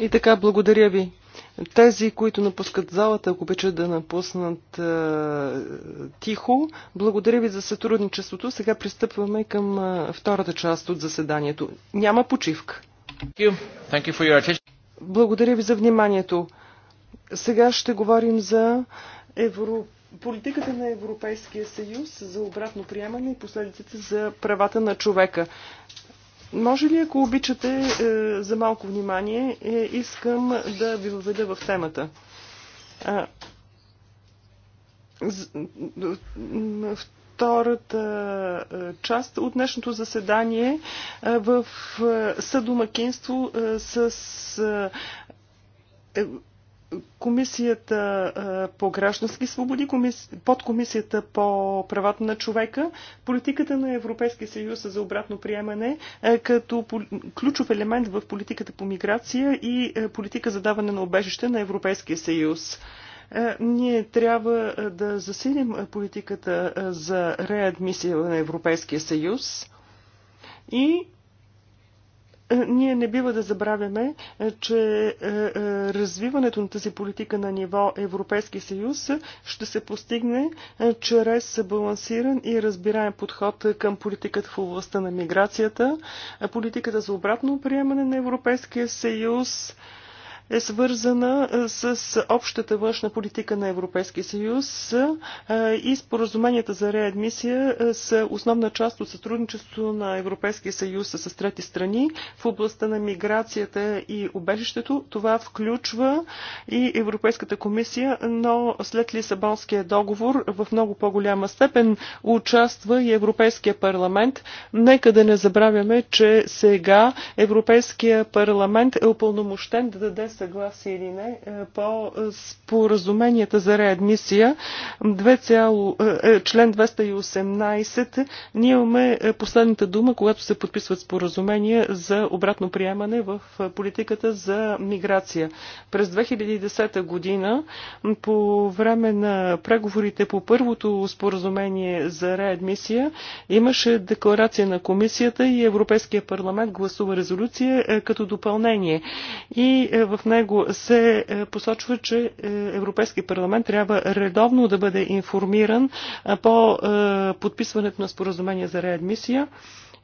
И така, благодаря ви. Тези, които напускат залата, ако обичат да напуснат е, тихо, благодаря ви за сътрудничеството. Сега пристъпваме към е, втората част от заседанието. Няма почивка. Thank you. Thank you for your благодаря ви за вниманието. Сега ще говорим за Европа политиката на Европейския съюз за обратно приемане и последиците за правата на човека. Може ли, ако обичате, е, за малко внимание, е, искам да ви въведа в темата. Втората е, част от днешното заседание в съдомакинство с Комисията по граждански свободи, под комисията по правата на човека, политиката на Европейския съюз за обратно приемане като ключов елемент в политиката по миграция и политика за даване на обежище на Европейския съюз ние трябва да засилим политиката за реадмисия на Европейския съюз и е, ние не бива да забравяме, е, че е, развиването на тази политика на ниво Европейски съюз ще се постигне чрез балансиран и разбираем подход към политиката в областта на миграцията, политиката за обратно приемане на Европейския съюз, е свързана с общата външна политика на Европейския съюз и споразуменията за реадмисия с основна част от сътрудничеството на Европейския съюз с трети страни в областта на миграцията и убежището. Това включва и Европейската комисия, но след Лисабонския договор в много по-голяма степен участва и Европейския парламент. Нека да не забравяме, че сега Европейския парламент е упълномощен да даде съгласие или не, е, по споразуменията за реадмисия, 2, е, е, член 218, ние имаме последната дума, когато се подписват споразумения за обратно приемане в политиката за миграция. През 2010 година, по време на преговорите по първото споразумение за реадмисия, имаше декларация на комисията и Европейския парламент гласува резолюция като допълнение. И в него се е, посочва, че е, Европейски парламент трябва редовно да бъде информиран по е, подписването на споразумение за реадмисия.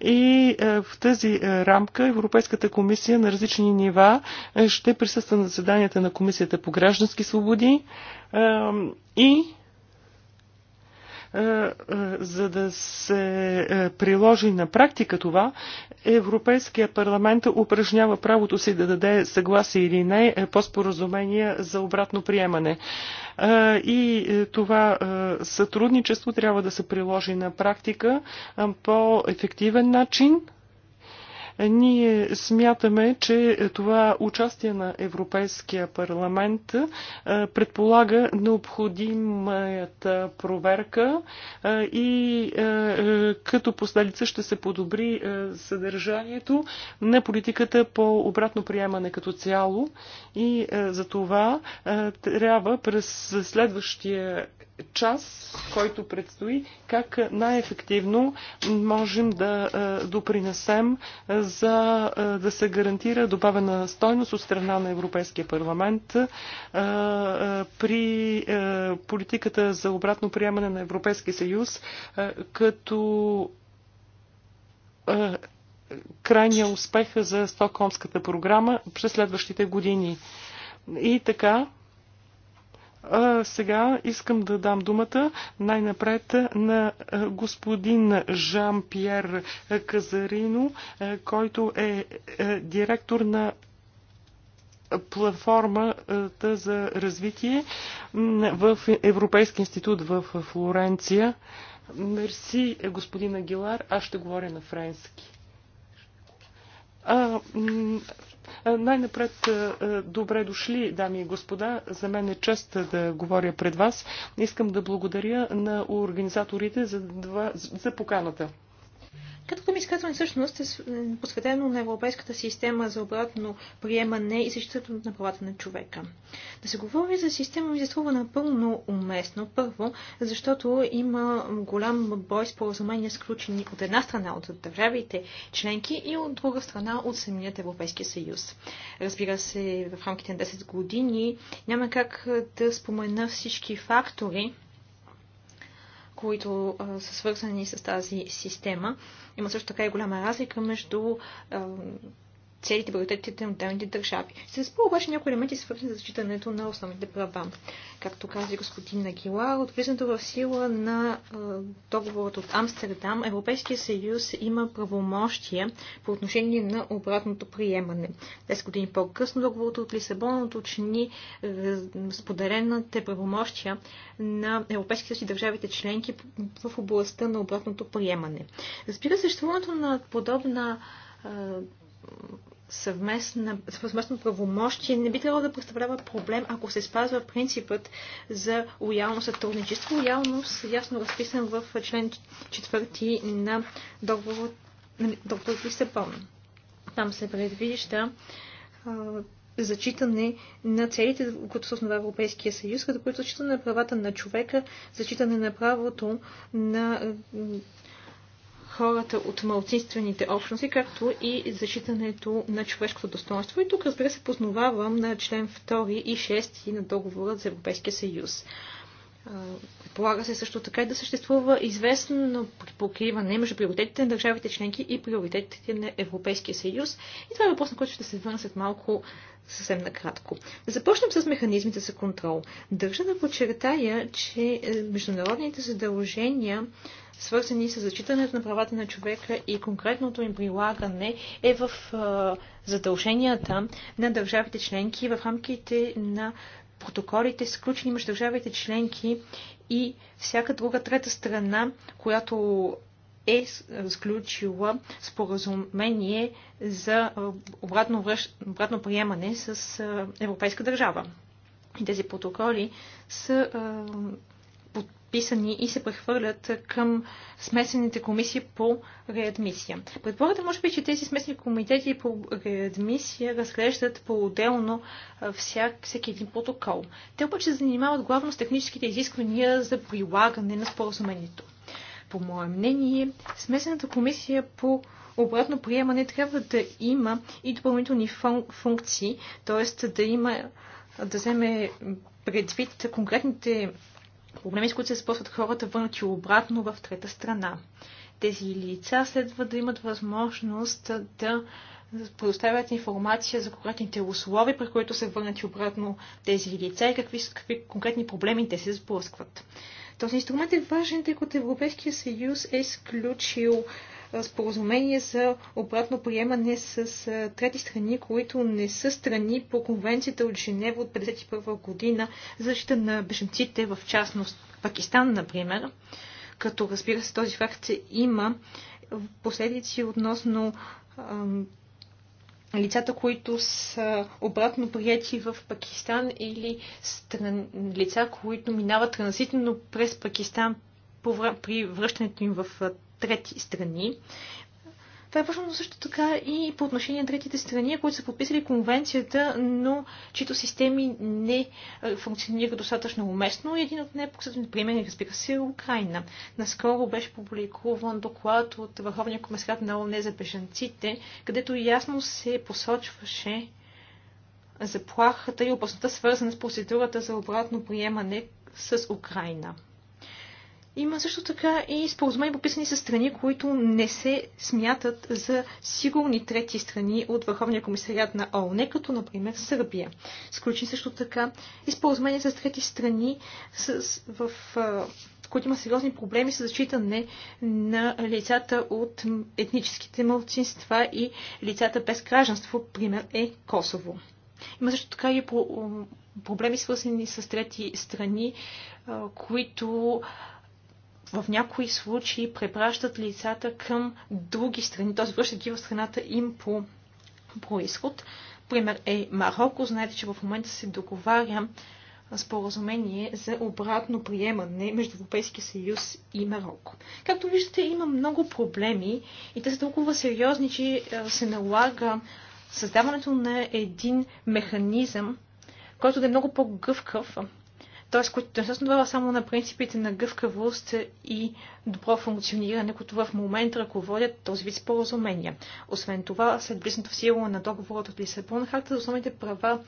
И в тази рамка Европейската комисия на различни нива ще присъства на заседанията на Комисията по граждански свободи и е, е, за да се е, приложи на практика това, Европейския парламент упражнява правото си да даде съгласие или не по споразумение за обратно приемане. И това сътрудничество трябва да се приложи на практика по ефективен начин, ние смятаме, че това участие на Европейския парламент предполага необходимата проверка и като последица ще се подобри съдържанието на политиката по обратно приемане като цяло и за това трябва през следващия час, който предстои, как най-ефективно можем да допринесем за е, да се гарантира добавена стойност от страна на Европейския парламент е, е, при политиката за обратно приемане на Европейския съюз като крайния успех за Стокхолмската програма през следващите години. И така, сега искам да дам думата най-напред на господин Жан-Пьер Казарино, който е директор на платформата за развитие в Европейски институт в Флоренция. Мерси, господин Агилар. Аз ще говоря на френски. Най-напред добре дошли, дами и господа. За мен е чест да говоря пред вас. Искам да благодаря на организаторите за, два, за поканата. Краткото ми изказване всъщност е, е посветено на европейската система за обратно приемане и защитата на правата на човека. Да се говори за система ми се струва напълно уместно. Първо, защото има голям брой споразумения, сключени от една страна от държавите членки и от друга страна от самият Европейски съюз. Разбира се, в рамките на 10 години няма как да спомена всички фактори, които са свързани с тази система. Има също така и голяма разлика между целите, приоритетите на отделните държави. Се спо обаче някои елементи, свързани с зачитането на основните права. Както каза и господин Нагилар, от влизането в сила на договорът от Амстердам, Европейския съюз има правомощия по отношение на обратното приемане. Десет години по-късно договорът от Лисабон уточни споделените правомощия на Европейския съюз и държавите членки в областта на обратното приемане. Разбира се, съществуването на подобна съвместна, съвместно правомощие не би трябвало да представлява проблем, ако се спазва принципът за лоялно сътрудничество. Лоялност е ясно разписан в член 4 на договор договор Лисабон. Там се предвижда а, зачитане на целите, които се основава Европейския съюз, като които зачитане на правата на човека, зачитане на правото на хората от малцинствените общности, както и зачитането на човешкото достоинство. И тук, разбира се, познававам на член 2 и 6 на договора за Европейския съюз. Полага се също така и да съществува известно покриване между приоритетите на държавите членки и приоритетите на Европейския съюз. И това е въпрос, на който ще се върна след малко съвсем накратко. Да започнем с механизмите за контрол. Държа да подчертая, че е, международните задължения свързани с зачитането на правата на човека и конкретното им прилагане е в е, задълженията на държавите членки в рамките на протоколите, сключени между държавите членки и всяка друга трета страна, която е сключила споразумение за обратно, връщ... обратно приемане с европейска държава. И тези протоколи са разписани и се прехвърлят към смесените комисии по реадмисия. Предполагате, може би, че тези смесени комитети по реадмисия разглеждат по-отделно всяк, всеки един протокол. Те обаче се занимават главно с техническите изисквания за прилагане на споразумението. По мое мнение, смесената комисия по обратно приемане трябва да има и допълнителни фун- функции, т.е. да има да вземе предвид конкретните проблеми, с които се спосват хората върнати обратно в трета страна. Тези лица следва да имат възможност да предоставят информация за конкретните условия, при които върнат и обратно тези лица и какви, какви конкретни проблеми те се сблъскват. Този инструмент е важен, тъй като Европейския съюз е сключил споразумения за обратно приемане с трети страни, които не са страни по конвенцията от Женева от 1951 година за защита на беженците, в частност Пакистан, например. Като разбира се, този факт има последици относно лицата, които са обратно прияти в Пакистан или стран... лица, които минават транзитно през Пакистан при връщането им в трети страни. Това е важно също така и по отношение на третите страни, които са подписали конвенцията, но чието системи не функционират достатъчно уместно. Един от най-показателни примери, разбира се, е Украина. Наскоро беше публикуван доклад от Върховния комисарат на ОНЕ за бежанците, където ясно се посочваше заплахата и опасността, свързана с процедурата за обратно приемане с Украина. Има също така и споразумения, подписани с страни, които не се смятат за сигурни трети страни от Върховния комисариат на ООН, като например Сърбия. Сключени също така и споразумения с трети страни, с, в, в които има сериозни проблеми с зачитане на лицата от етническите мълцинства и лицата без гражданство, пример е Косово. Има също така и проблеми свързани с трети страни, които в някои случаи препращат лицата към други страни, т.е. връщат ги в страната им по происход. Пример е Марокко. Знаете, че в момента се договаря споразумение за обратно приемане между Европейския съюз и Марокко. Както виждате, има много проблеми и те са толкова сериозни, че се налага създаването на един механизъм, който да е много по-гъвкав т.е. които не се основава само на принципите на гъвкавост и добро функциониране, които в момента ръководят този вид споразумения. Освен това, след близнато в сила на договорът от Лисабон, харта за основните права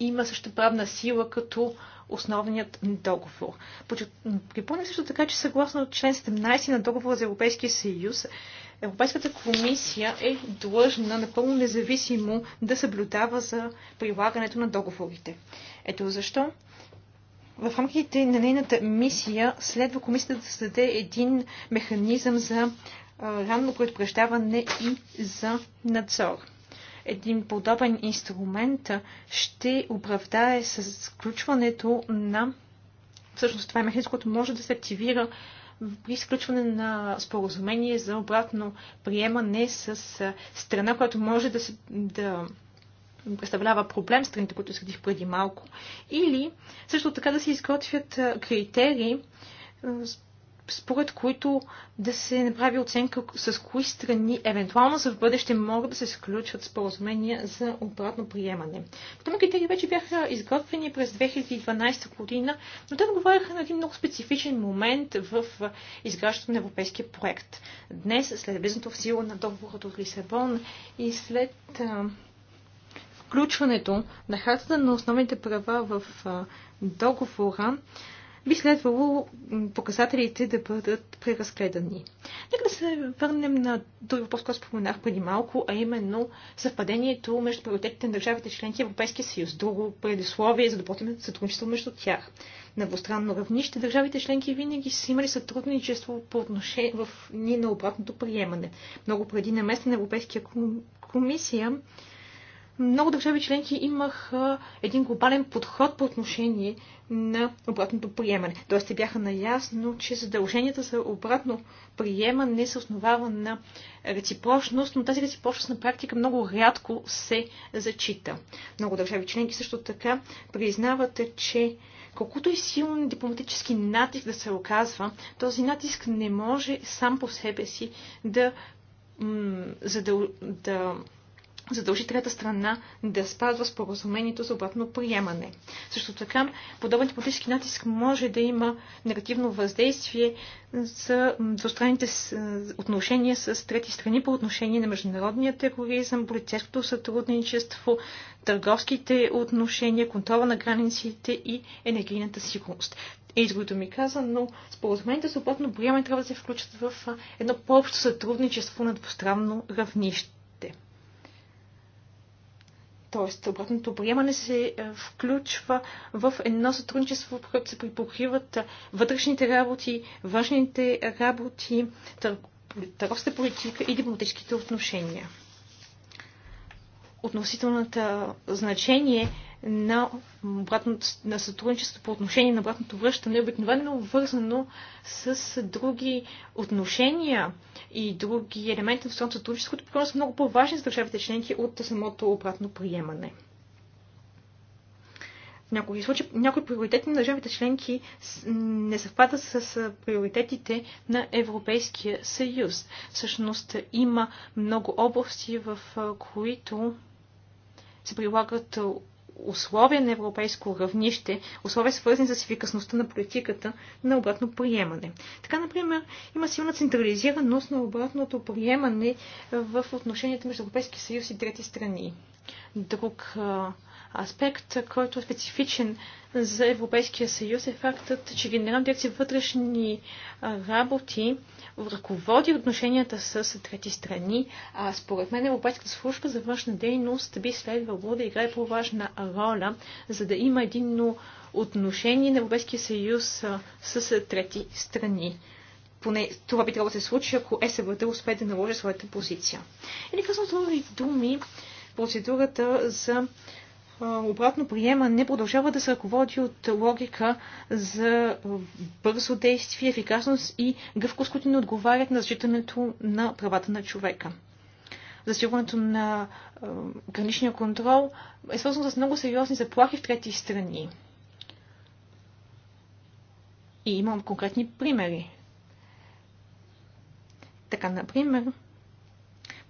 има също правна сила като основният договор. Припомня също така, че съгласно член 17 на договора за Европейския съюз, Европейската комисия е длъжна напълно независимо да съблюдава за прилагането на договорите. Ето защо в рамките на нейната мисия следва комисията да създаде един механизъм за ранно предупреждаване и за надзор. Един подобен инструмент ще оправдае с включването на... Всъщност това е механизъм, който може да се активира при изключване на споразумение за обратно приемане с страна, която може да, се, да представлява проблем, страните, които изредих преди малко, или също така да се изготвят критерии, според които да се направи оценка с кои страни евентуално за в бъдеще могат да се сключват споразумения за обратно приемане. Потом критерии вече бяха изготвени през 2012 година, но те отговаряха на един много специфичен момент в изграждането на европейския проект. Днес, след влизането в сила на договорът от Лисабон и след включването на хартата на основните права в договора, би следвало показателите да бъдат преразгледани. Нека да се върнем на друг въпрос, който споменах преди малко, а именно съвпадението между приоритетите на държавите членки и Европейския съюз, друго предисловие за допълнително сътрудничество между тях. На двустранно равнище държавите членки винаги са имали сътрудничество по отношение в ни на обратното приемане. Много преди наместа на Европейския комисия много държави членки имаха един глобален подход по отношение на обратното приемане. Тоест те бяха наясно, че задълженията за обратно приемане се основава на реципрочност, но тази реципрочност на практика много рядко се зачита. Много държави членки също така признават, че колкото и силен дипломатически натиск да се оказва, този натиск не може сам по себе си да, да, да задължи трета страна да спазва споразумението за обратно приемане. Също така, подобен политически натиск може да има негативно въздействие за двустранните е, отношения с трети страни по отношение на международния тероризъм, полицейското сътрудничество, търговските отношения, контрола на границите и енергийната сигурност е изгодно ми каза, но споразумените за обратно приемане трябва да се включат в е, едно по-общо сътрудничество на двустранно равнище. Тоест, обратното приемане се е, включва в едно сътрудничество, в което се припокриват вътрешните работи, външните работи, търговската политика и дипломатическите отношения относителната значение на, обратното, на сътрудничество по отношение на обратното връщане е обикновено вързано с други отношения и други елементи на социалното сътрудничество, които са много по-важни за държавите членки от самото обратно приемане. В някои случаи някои приоритети на държавите членки не съвпадат с приоритетите на Европейския съюз. Всъщност има много области, в които се прилагат условия на европейско равнище, условия свързани с ефикасността на политиката на обратно приемане. Така, например, има силна централизираност на обратното приемане в отношенията между Европейския съюз и трети страни. Друг Аспект, който е специфичен за Европейския съюз е фактът, че Генерална дирекция вътрешни работи ръководи отношенията с трети страни, а според мен Европейската служба за външна дейност би следвало да играе по-важна роля, за да има единно отношение на Европейския съюз с трети страни поне това би трябвало да се случи, ако ЕСВД успее да наложи своята позиция. Или казвам други думи, процедурата за обратно приема не продължава да се ръководи от логика за бързо действие, ефикасност и гъвкост, които не отговарят на зачитането на правата на човека. Засилването на граничния контрол е свързано с много сериозни заплахи в трети страни. И имам конкретни примери. Така, например,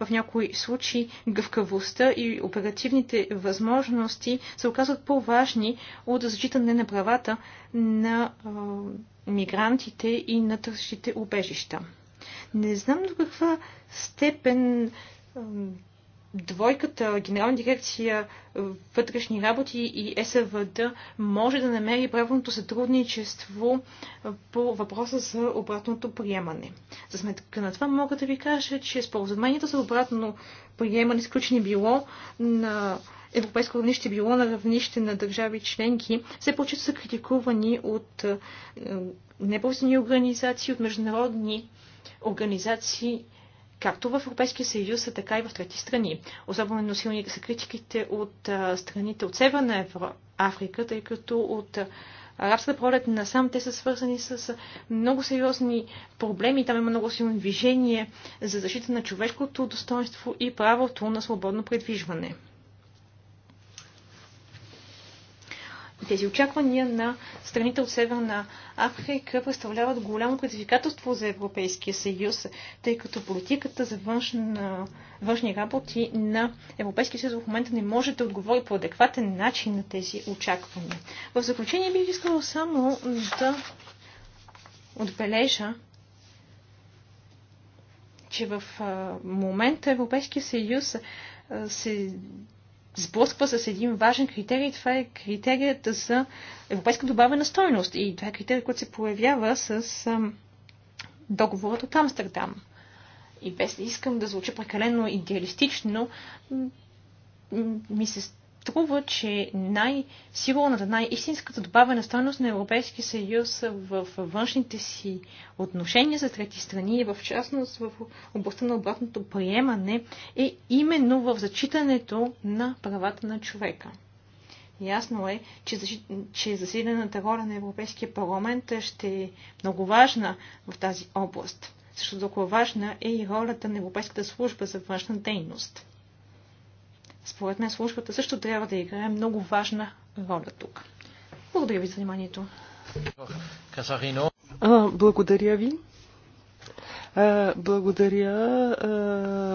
в някои случаи гъвкавостта и оперативните възможности се оказват по-важни от зачитане на правата на а, мигрантите и на търсещите убежища. Не знам до каква степен двойката Генерална дирекция е, вътрешни работи и СВД може да намери правилното сътрудничество е, по въпроса за обратното приемане. За сметка на това мога да ви кажа, че споразумението за обратно приемане сключени било на европейско равнище, било на равнище на държави членки, все повече са критикувани от е, неправителствени организации, от международни организации както в Европейския съюз, така и в трети страни. Особено силни са критиките от страните от Северна Африка, тъй като от арабската пролет насам те са свързани с много сериозни проблеми. Там има много силно движение за защита на човешкото достоинство и правото на свободно предвижване. Тези очаквания на страните от Северна Африка представляват голямо предизвикателство за Европейския съюз, тъй като политиката за външна, външни работи на Европейския съюз в момента не може да отговори по адекватен начин на тези очаквания. В заключение бих искала само да отбележа, че в момента Европейския съюз се сблъсква с един важен критерий. Това е критерията за европейска добавена стойност. И това е критерия, който се появява с договорът от Амстердам. И без да искам да звуча прекалено идеалистично, ми се струва, че най-сигурната, най-истинската добавена стойност на Европейския съюз в външните си отношения за трети страни и в частност в областта на обратното приемане е именно в зачитането на правата на човека. Ясно е, че, че засилената роля на Европейския парламент ще е много важна в тази област. защото толкова важна е и ролята на Европейската служба за външна дейност. Според мен службата също трябва да играе много важна роля тук. Благодаря ви за вниманието. Благодаря ви. Благодаря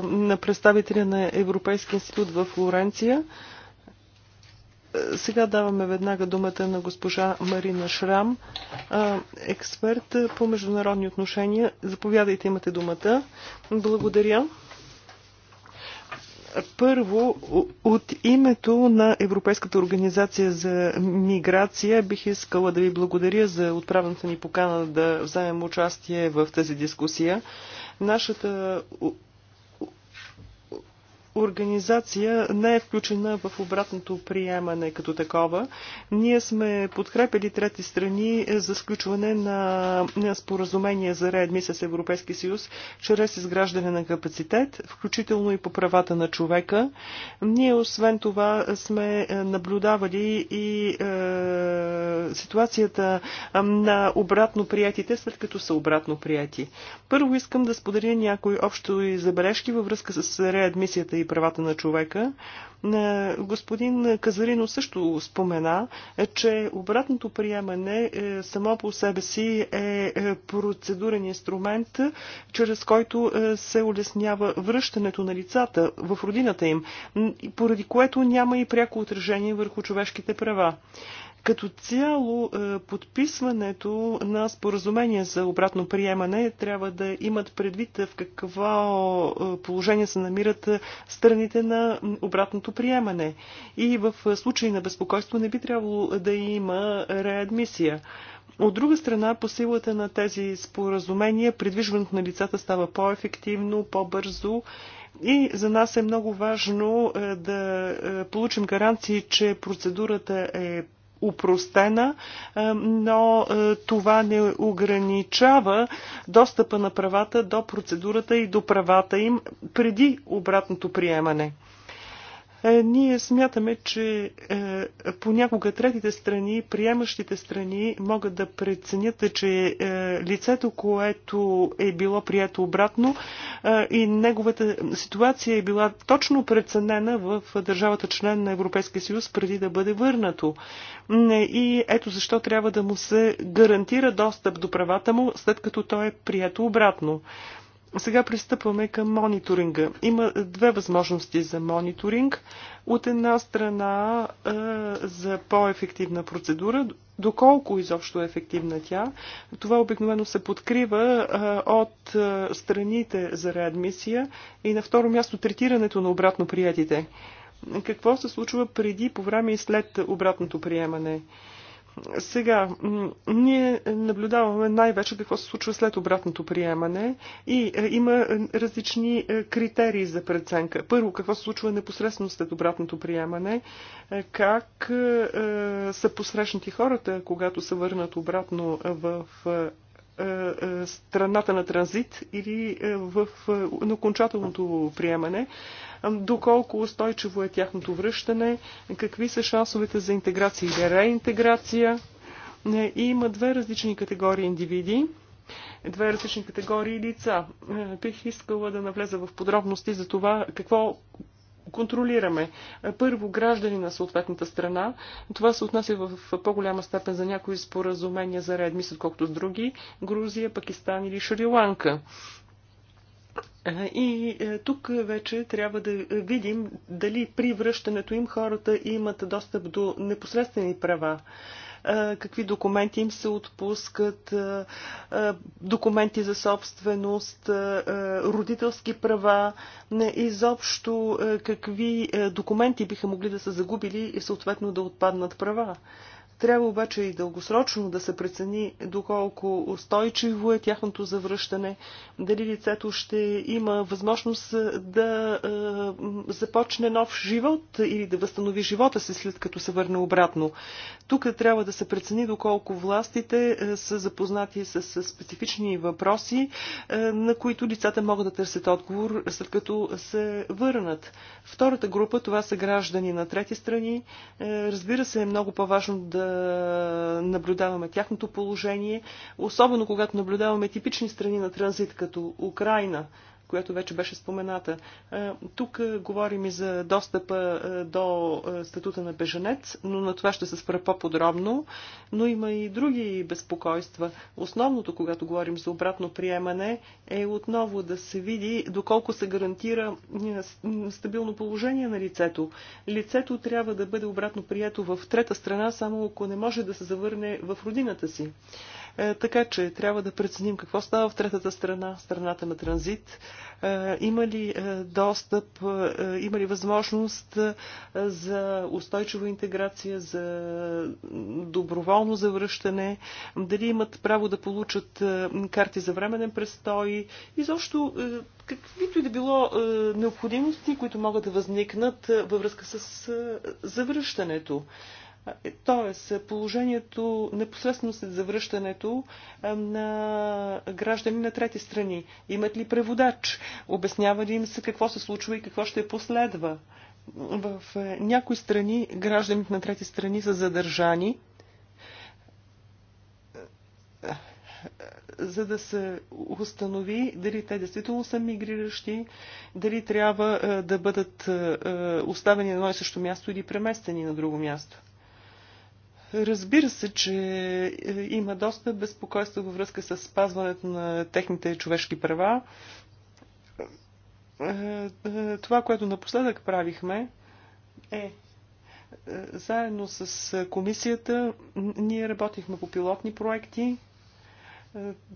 на представителя на Европейския институт в Флоренция. Сега даваме веднага думата на госпожа Марина Шрам, експерт по международни отношения. Заповядайте, имате думата. Благодаря. Първо, от името на Европейската организация за миграция бих искала да ви благодаря за отправната ни покана да вземем участие в тази дискусия. Нашата организация не е включена в обратното приемане като такова. Ние сме подкрепили трети страни за сключване на споразумение за реадми с Европейски съюз чрез изграждане на капацитет, включително и по правата на човека. Ние освен това сме наблюдавали и е, ситуацията на обратно приятите, след като са обратно прияти. Първо искам да споделя някои общо забележки във връзка с реадмисията и правата на човека. Е, господин Казарино също спомена, е, че обратното приемане е, само по себе си е процедурен инструмент, чрез който се улеснява връщането на лицата в родината им, поради което няма и пряко отражение върху човешките права. Като цяло, е, подписването на споразумение за обратно приемане трябва да имат предвид в какво е, положение се намират страните на обратното приемане. И в случай на безпокойство не би трябвало да има реадмисия. От друга страна, по силата на тези споразумения, придвижването на лицата става по-ефективно, по-бързо и за нас е много важно е, да получим гаранции, че процедурата е упростена, е, но е, това не ограничава достъпа на правата до процедурата и до правата им преди обратното приемане. Е, ние смятаме, че е, понякога третите страни, приемащите страни могат да преценят, че е, лицето, което е било прието обратно и неговата ситуация е била точно преценена в държавата член на Европейския съюз преди да бъде върнато. И ето защо трябва да му се гарантира достъп до правата му, след като той е прието обратно. Сега пристъпваме към мониторинга. Има е, две възможности за мониторинг. От една страна е, за по-ефективна процедура, доколко изобщо е ефективна тя. Това обикновено се подкрива е, от страните за реадмисия и на второ място третирането на обратно приятите. Какво се случва преди, по време и след обратното приемане? Сега, ние наблюдаваме най-вече какво се случва след обратното приемане и е, има е, различни е, критерии за преценка. Първо, какво се случва непосредствено след обратното приемане, как са посрещнати хората, когато се върнат обратно в е, е, страната на транзит или е, в, на окончателното приемане, доколко устойчиво е тяхното връщане, какви са шансовете за интеграция или реинтеграция. И има две различни категории индивиди, две различни категории лица. Бих искала да навлеза в подробности за това какво контролираме. Първо, граждани на съответната страна. Това се отнася в по-голяма степен за някои споразумения за реадмис, отколкото с други. Грузия, Пакистан или Шри-Ланка. И е, тук вече трябва да видим дали при връщането им хората имат достъп до непосредствени права какви документи им се отпускат, документи за собственост, родителски права, изобщо какви документи биха могли да са загубили и съответно да отпаднат права. Трябва обаче и дългосрочно да се прецени доколко устойчиво е тяхното завръщане, дали лицето ще има възможност да е, започне нов живот или да възстанови живота си след като се върне обратно. Тук трябва да се прецени доколко властите е, са запознати с, с специфични въпроси, е, на които лицата могат да търсят отговор след като се върнат. Втората група това са граждани на трети страни. Е, разбира се, е много по-важно да наблюдаваме тяхното положение, особено когато наблюдаваме типични страни на транзит, като Украина – която вече беше спомената. Е, тук е, говорим и за достъпа е, до статута на беженец, но на това ще се спра по-подробно. Но има и други безпокойства. Основното, когато говорим за обратно приемане, е отново да се види доколко се гарантира стабилно положение на лицето. Лицето трябва да бъде обратно прието в трета страна, само ако не може да се завърне в родината си. Е, така че трябва да преценим какво става в третата страна, страната на транзит. Е, има ли е, достъп, има ли възможност за устойчива интеграция, за доброволно завръщане, дали имат право да получат карти за временен престой и защо каквито и да било необходимости, които могат да възникнат във връзка с завръщането. Тоест, положението непосредствено след завръщането на граждани на трети страни. Имат ли преводач? Обяснява ли им се какво се случва и какво ще последва? В някои страни гражданите на трети страни са задържани, за да се установи дали те действително са мигриращи, дали трябва да бъдат оставени на едно и също място или преместени на друго място. Разбира се, че е, има доста безпокойство във връзка с спазването на техните човешки права. Е, е, това, което напоследък правихме, е заедно с комисията ние работихме по пилотни проекти.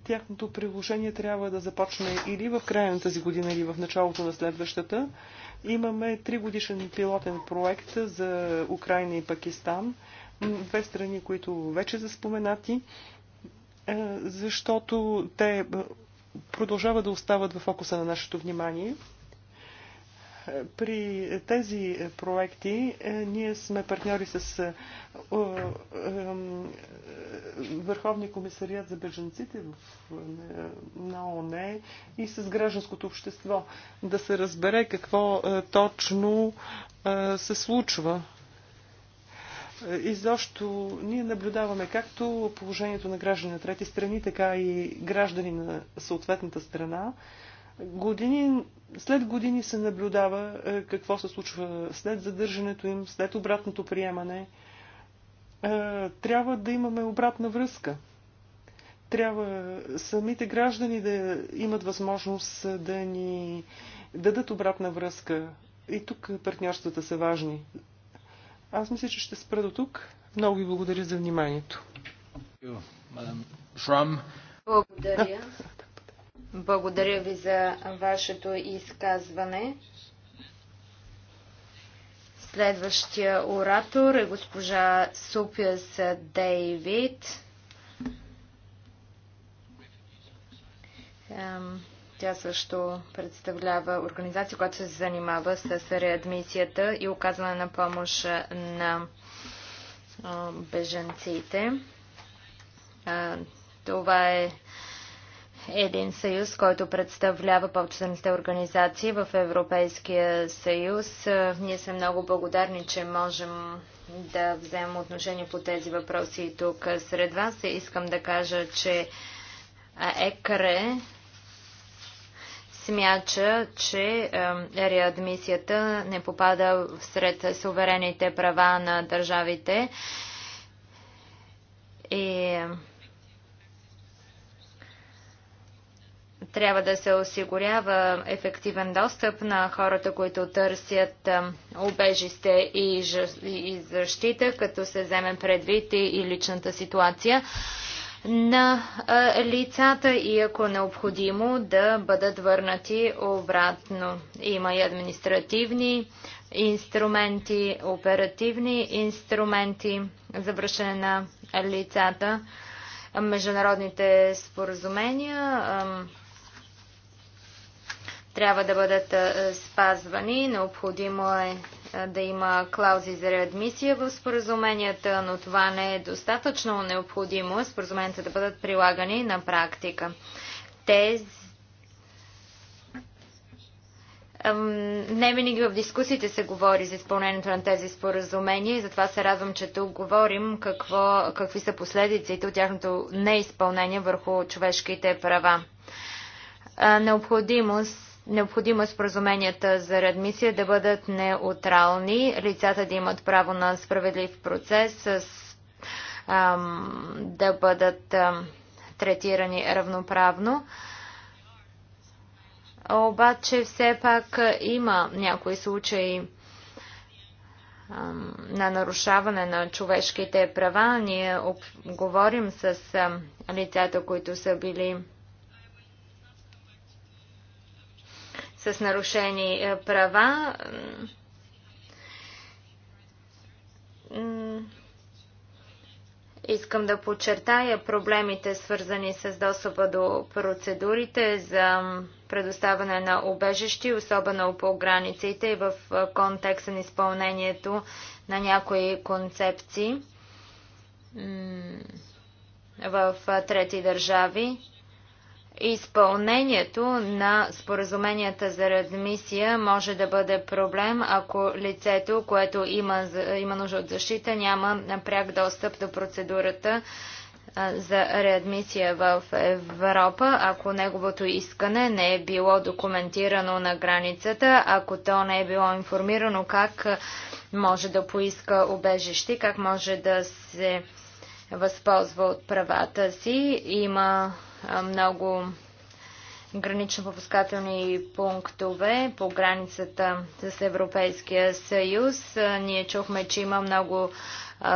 Тяхното приложение трябва да започне или в края на тази година, или в началото на следващата. Имаме тригодишен пилотен проект за Украина и Пакистан – две страни, които вече са споменати, е, защото те продължават да остават в фокуса на нашето внимание. Е, при тези проекти е, ние сме партньори с Върховния комисариат за беженците на ОНЕ и с гражданското общество, да се разбере какво точно се случва. Е, изобщо ние наблюдаваме както положението на граждани на трети страни, така и граждани на съответната страна. Години, след години се наблюдава е, какво се случва след задържането им, след обратното приемане. Е, трябва да имаме обратна връзка. Трябва самите граждани да имат възможност да ни дадат обратна връзка. И тук партньорствата са важни. Аз мисля, че ще спра до тук. Много ви благодаря за вниманието. Благодаря. Благодаря ви за вашето изказване. Следващия оратор е госпожа Супиас Дейвид. Um, тя също представлява организация, която се занимава с реадмисията и оказване на помощ на беженците. Това е един съюз, който представлява повечето организации в Европейския съюз. Ние сме много благодарни, че можем да вземем отношение по тези въпроси и тук сред вас. Искам да кажа, че ЕКРЕ смяча, че реадмисията не попада сред суверените права на държавите и трябва да се осигурява ефективен достъп на хората, които търсят обежище и защита, като се вземе предвид и личната ситуация на лицата и ако е необходимо да бъдат върнати обратно. Има и административни инструменти, оперативни инструменти за връщане на лицата, международните споразумения трябва да бъдат спазвани. Необходимо е да има клаузи за реадмисия в споразуменията, но това не е достатъчно необходимо споразуменията да бъдат прилагани на практика. Те не винаги в дискусиите се говори за изпълнението на тези споразумения и затова се радвам, че тук говорим какво, какви са последиците от тяхното неизпълнение върху човешките права. Необходимост Необходимо е споразуменията за реадмисия да бъдат неутрални, лицата да имат право на справедлив процес, с, ам, да бъдат ам, третирани равноправно. Обаче все пак има някои случаи ам, на нарушаване на човешките права. Ние об, говорим с ам, лицата, които са били с нарушени е, права. Искам да подчертая проблемите, свързани с достъпа до процедурите за предоставяне на обежещи, особено по границите и в е, контекста на изпълнението на някои концепции в е, трети държави. Изпълнението на споразуменията за размисия може да бъде проблем, ако лицето, което има, има нужда от защита, няма пряк достъп до процедурата за реадмисия в Европа, ако неговото искане не е било документирано на границата, ако то не е било информирано как може да поиска обежище, как може да се възползва от правата си. Има много гранично-пропускателни пунктове по границата с Европейския съюз. Ние чухме, че има много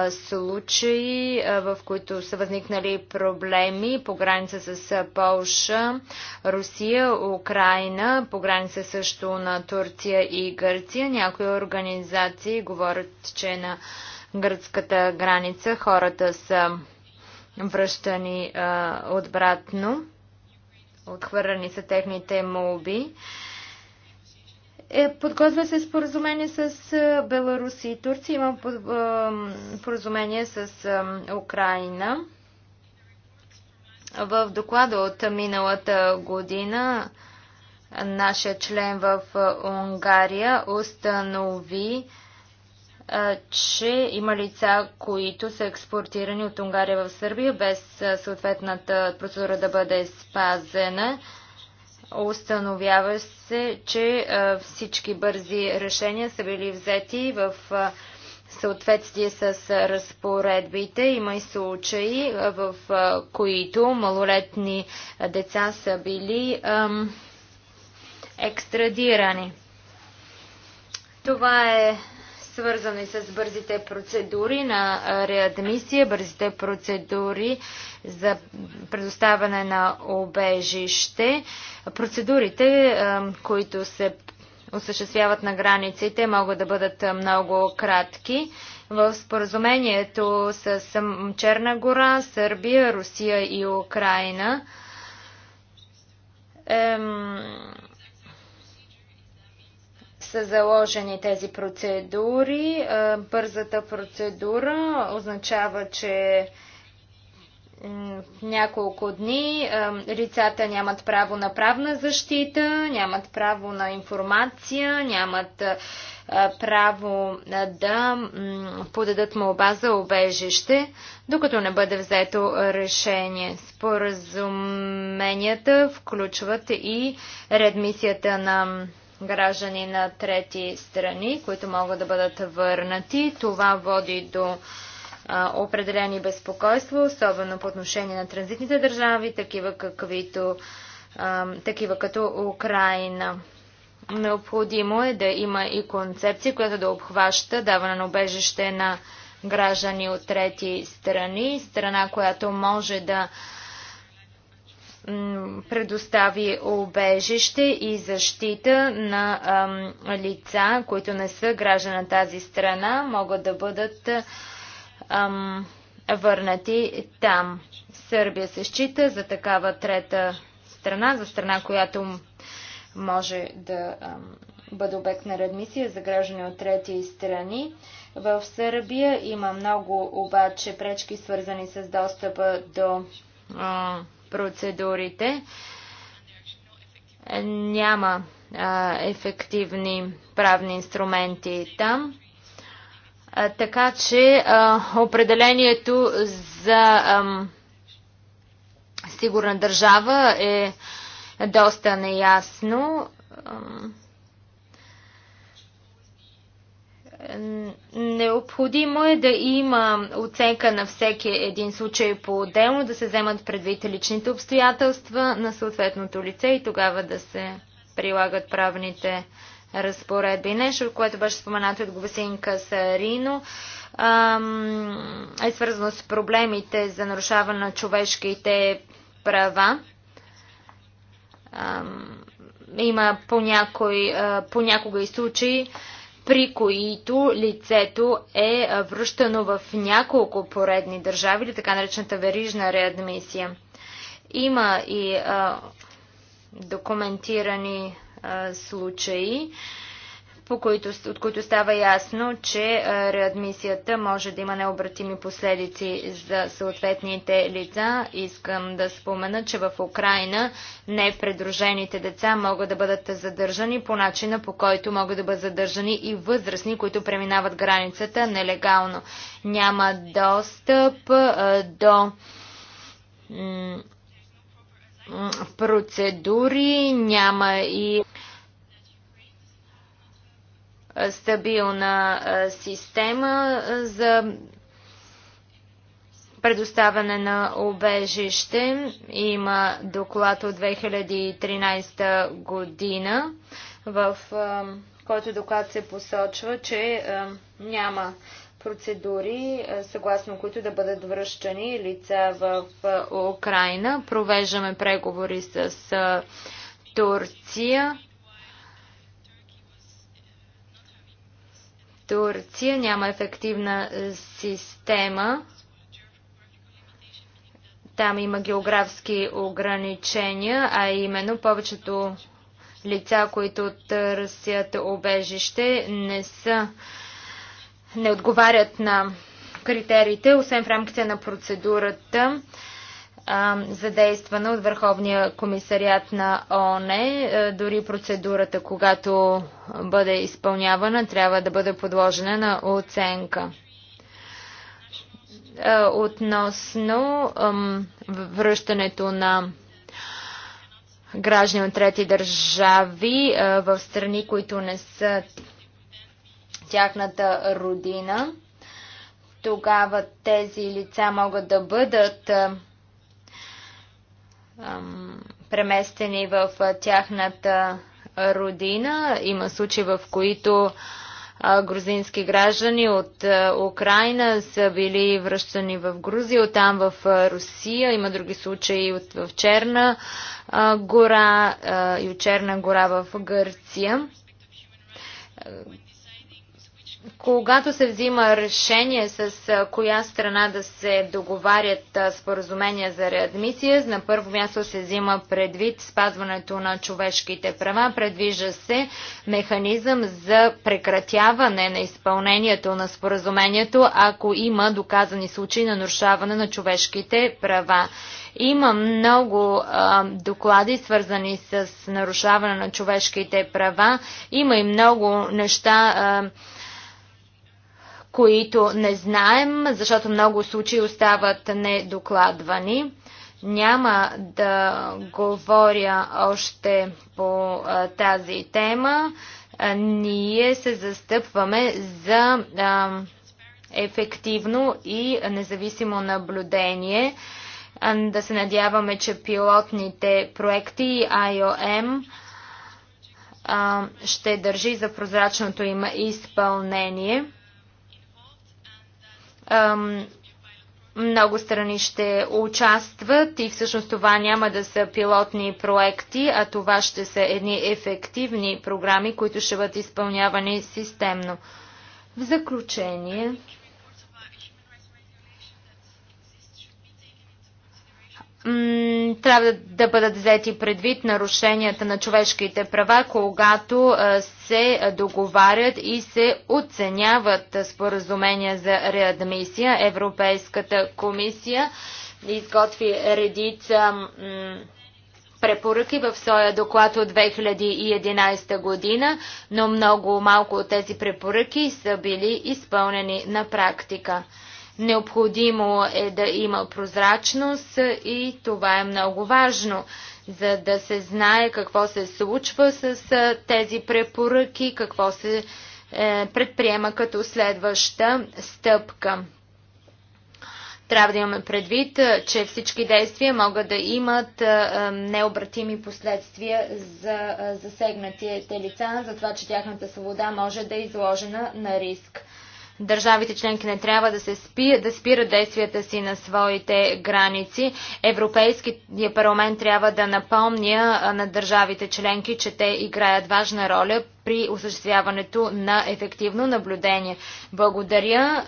случаи, в които са възникнали проблеми по граница с Полша, Русия, Украина, по граница също на Турция и Гърция. Някои организации говорят, че е на гръцката граница хората са връщани а, обратно. Отхвърлени са техните молби. Е, подготвя се споразумение с Беларус и Турция. Има споразумение с Украина. В доклада от миналата година нашия член в Унгария установи, че има лица, които са експортирани от Унгария в Сърбия без съответната процедура да бъде спазена. Установява се, че всички бързи решения са били взети в съответствие с разпоредбите. Има и случаи, в които малолетни деца са били екстрадирани. Това е свързани с бързите процедури на реадмисия, бързите процедури за предоставяне на обежище. Процедурите, които се осъществяват на границите, могат да бъдат много кратки. В споразумението с Черна гора, Сърбия, Русия и Украина ем са заложени тези процедури. Е, бързата процедура означава, че няколко дни е, лицата нямат право на правна защита, нямат право на информация, нямат е, право да подадат молба за обежище, докато не бъде взето решение. Споразуменията включват и редмисията на граждани на трети страни, които могат да бъдат върнати. Това води до определени безпокойства, особено по отношение на транзитните държави, такива, каквито, такива като Украина. Необходимо е да има и концепция, която да обхваща даване на убежище на граждани от трети страни, страна, която може да предостави обежище и защита на лица, които не са граждани на тази страна, могат да бъдат върнати там. Сърбия се счита за такава трета страна, за страна, която може да бъде обект на редмисия за граждани от трети страни. В Сърбия има много обаче пречки, свързани с достъпа до процедурите. Няма а, ефективни правни инструменти там. А, така че а, определението за сигурна държава е доста неясно. Необходимо е да има оценка на всеки един случай по-отделно, да се вземат предвид личните обстоятелства на съответното лице и тогава да се прилагат правните разпоредби. Нещо, което беше споменато от Губесин Касарино, е свързано с проблемите за нарушаване на човешките права. Има по понякога и случаи, при които лицето е връщано в няколко поредни държави, или така наречената верижна реадмисия. Има и а, документирани а, случаи. А, по които, от които става ясно, че реадмисията може да има необратими последици за съответните лица. Искам да спомена, че в Украина непредружените деца могат да бъдат задържани по начина по който могат да бъдат задържани и възрастни, които преминават границата нелегално. Няма достъп до процедури, няма и е, стабилна е, система е, за предоставяне на обежище. Има доклад от 2013 година, в който доклад се посочва, че няма процедури, съгласно които да бъдат връщани лица в Украина. Провеждаме преговори с Турция. Турция няма ефективна е, система. Там има географски ограничения, а именно повечето лица, които търсят обежище, не са не отговарят на критериите, освен в рамките на процедурата задействана от Върховния комисариат на ОНЕ. Дори процедурата, когато бъде изпълнявана, трябва да бъде подложена на оценка. Е, относно връщането на граждани от трети държави е, в страни, които не са тяхната родина, тогава тези лица могат да бъдат е, преместени в тяхната родина. Има случаи, в които грузински граждани от Украина са били връщани в Грузия, оттам в Русия. Има други случаи от, в Черна гора и от Черна гора в Гърция. Когато се взима решение с коя страна да се договарят споразумения за реадмисия, на първо място се взима предвид спазването на човешките права. Предвижда се механизъм за прекратяване на изпълнението на споразумението, ако има доказани случаи на нарушаване на човешките права. Има много а, доклади, свързани с нарушаване на човешките права. Има и много неща. А, които не знаем, защото много случаи остават недокладвани. Няма да говоря още по тази тема. Ние се застъпваме за ефективно и независимо наблюдение. Да се надяваме, че пилотните проекти IOM ще държи за прозрачното им изпълнение много страни ще участват и всъщност това няма да са пилотни проекти, а това ще са едни ефективни програми, които ще бъдат изпълнявани системно. В заключение, трябва да бъдат взети предвид нарушенията на човешките права, когато се договарят и се оценяват споразумения за реадмисия. Европейската комисия изготви редица препоръки в своя доклад от 2011 година, но много малко от тези препоръки са били изпълнени на практика. Необходимо е да има прозрачност и това е много важно, за да се знае какво се случва с тези препоръки, какво се е, предприема като следваща стъпка. Трябва да имаме предвид, че всички действия могат да имат необратими последствия за засегнатите лица, за това, че тяхната свобода може да е изложена на риск. Държавите членки не трябва да, се спи, да спират действията си на своите граници. Европейският парламент трябва да напомня на държавите членки, че те играят важна роля при осъществяването на ефективно наблюдение. Благодаря.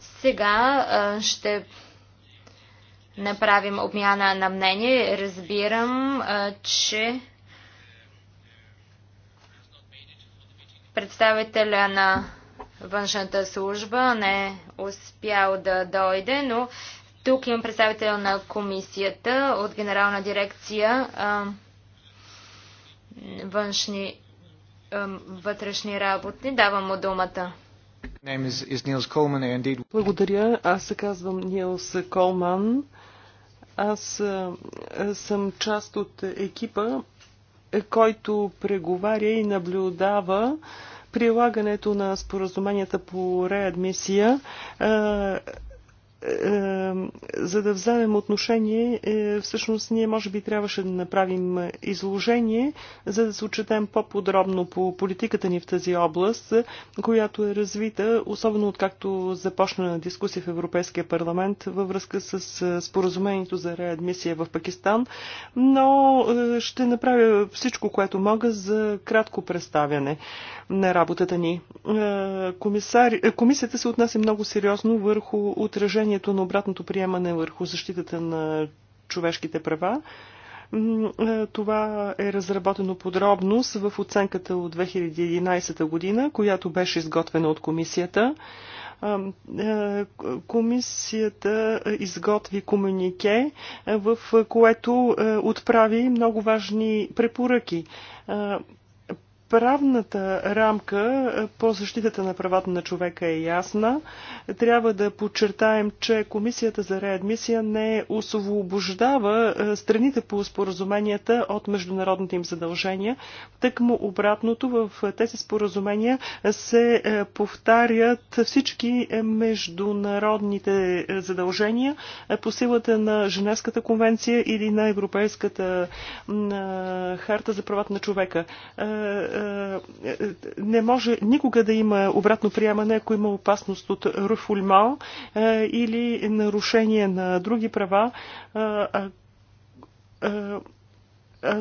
Сега ще направим обмяна на мнение. Разбирам, че представителя на външната служба не е успял да дойде, но тук имам представител на комисията от генерална дирекция а, външни а, вътрешни работи. Давам му думата. Благодаря. Аз се казвам Нилс Колман. Аз съм част от екипа, който преговаря и наблюдава прилагането на споразуменията по реадмисия за да вземем отношение, е, всъщност ние може би трябваше да направим изложение, за да се отчетем по-подробно по политиката ни в тази област, която е развита, особено откакто започна дискусия в Европейския парламент във връзка с е, споразумението за реадмисия в Пакистан, но е, ще направя всичко, което мога за кратко представяне на работата ни. Комисар... Комисията се отнася много сериозно върху отражение влиянието на обратното приемане върху защитата на човешките права. Е, това е разработено подробно в оценката от 2011 година, която беше изготвена от комисията. Е, комисията изготви комунике, е, в което отправи много важни препоръки Правната рамка по защитата на правата на човека е ясна. Трябва да подчертаем, че Комисията за реадмисия не освобождава е, страните по споразуменията от международните им задължения. Тъкмо обратното в тези споразумения се е, повтарят всички международните задължения е, по силата на Женевската конвенция или на Европейската харта за правата на човека е, е, не може никога да има обратно приемане, ако има опасност от рефульман е, или нарушение на други права,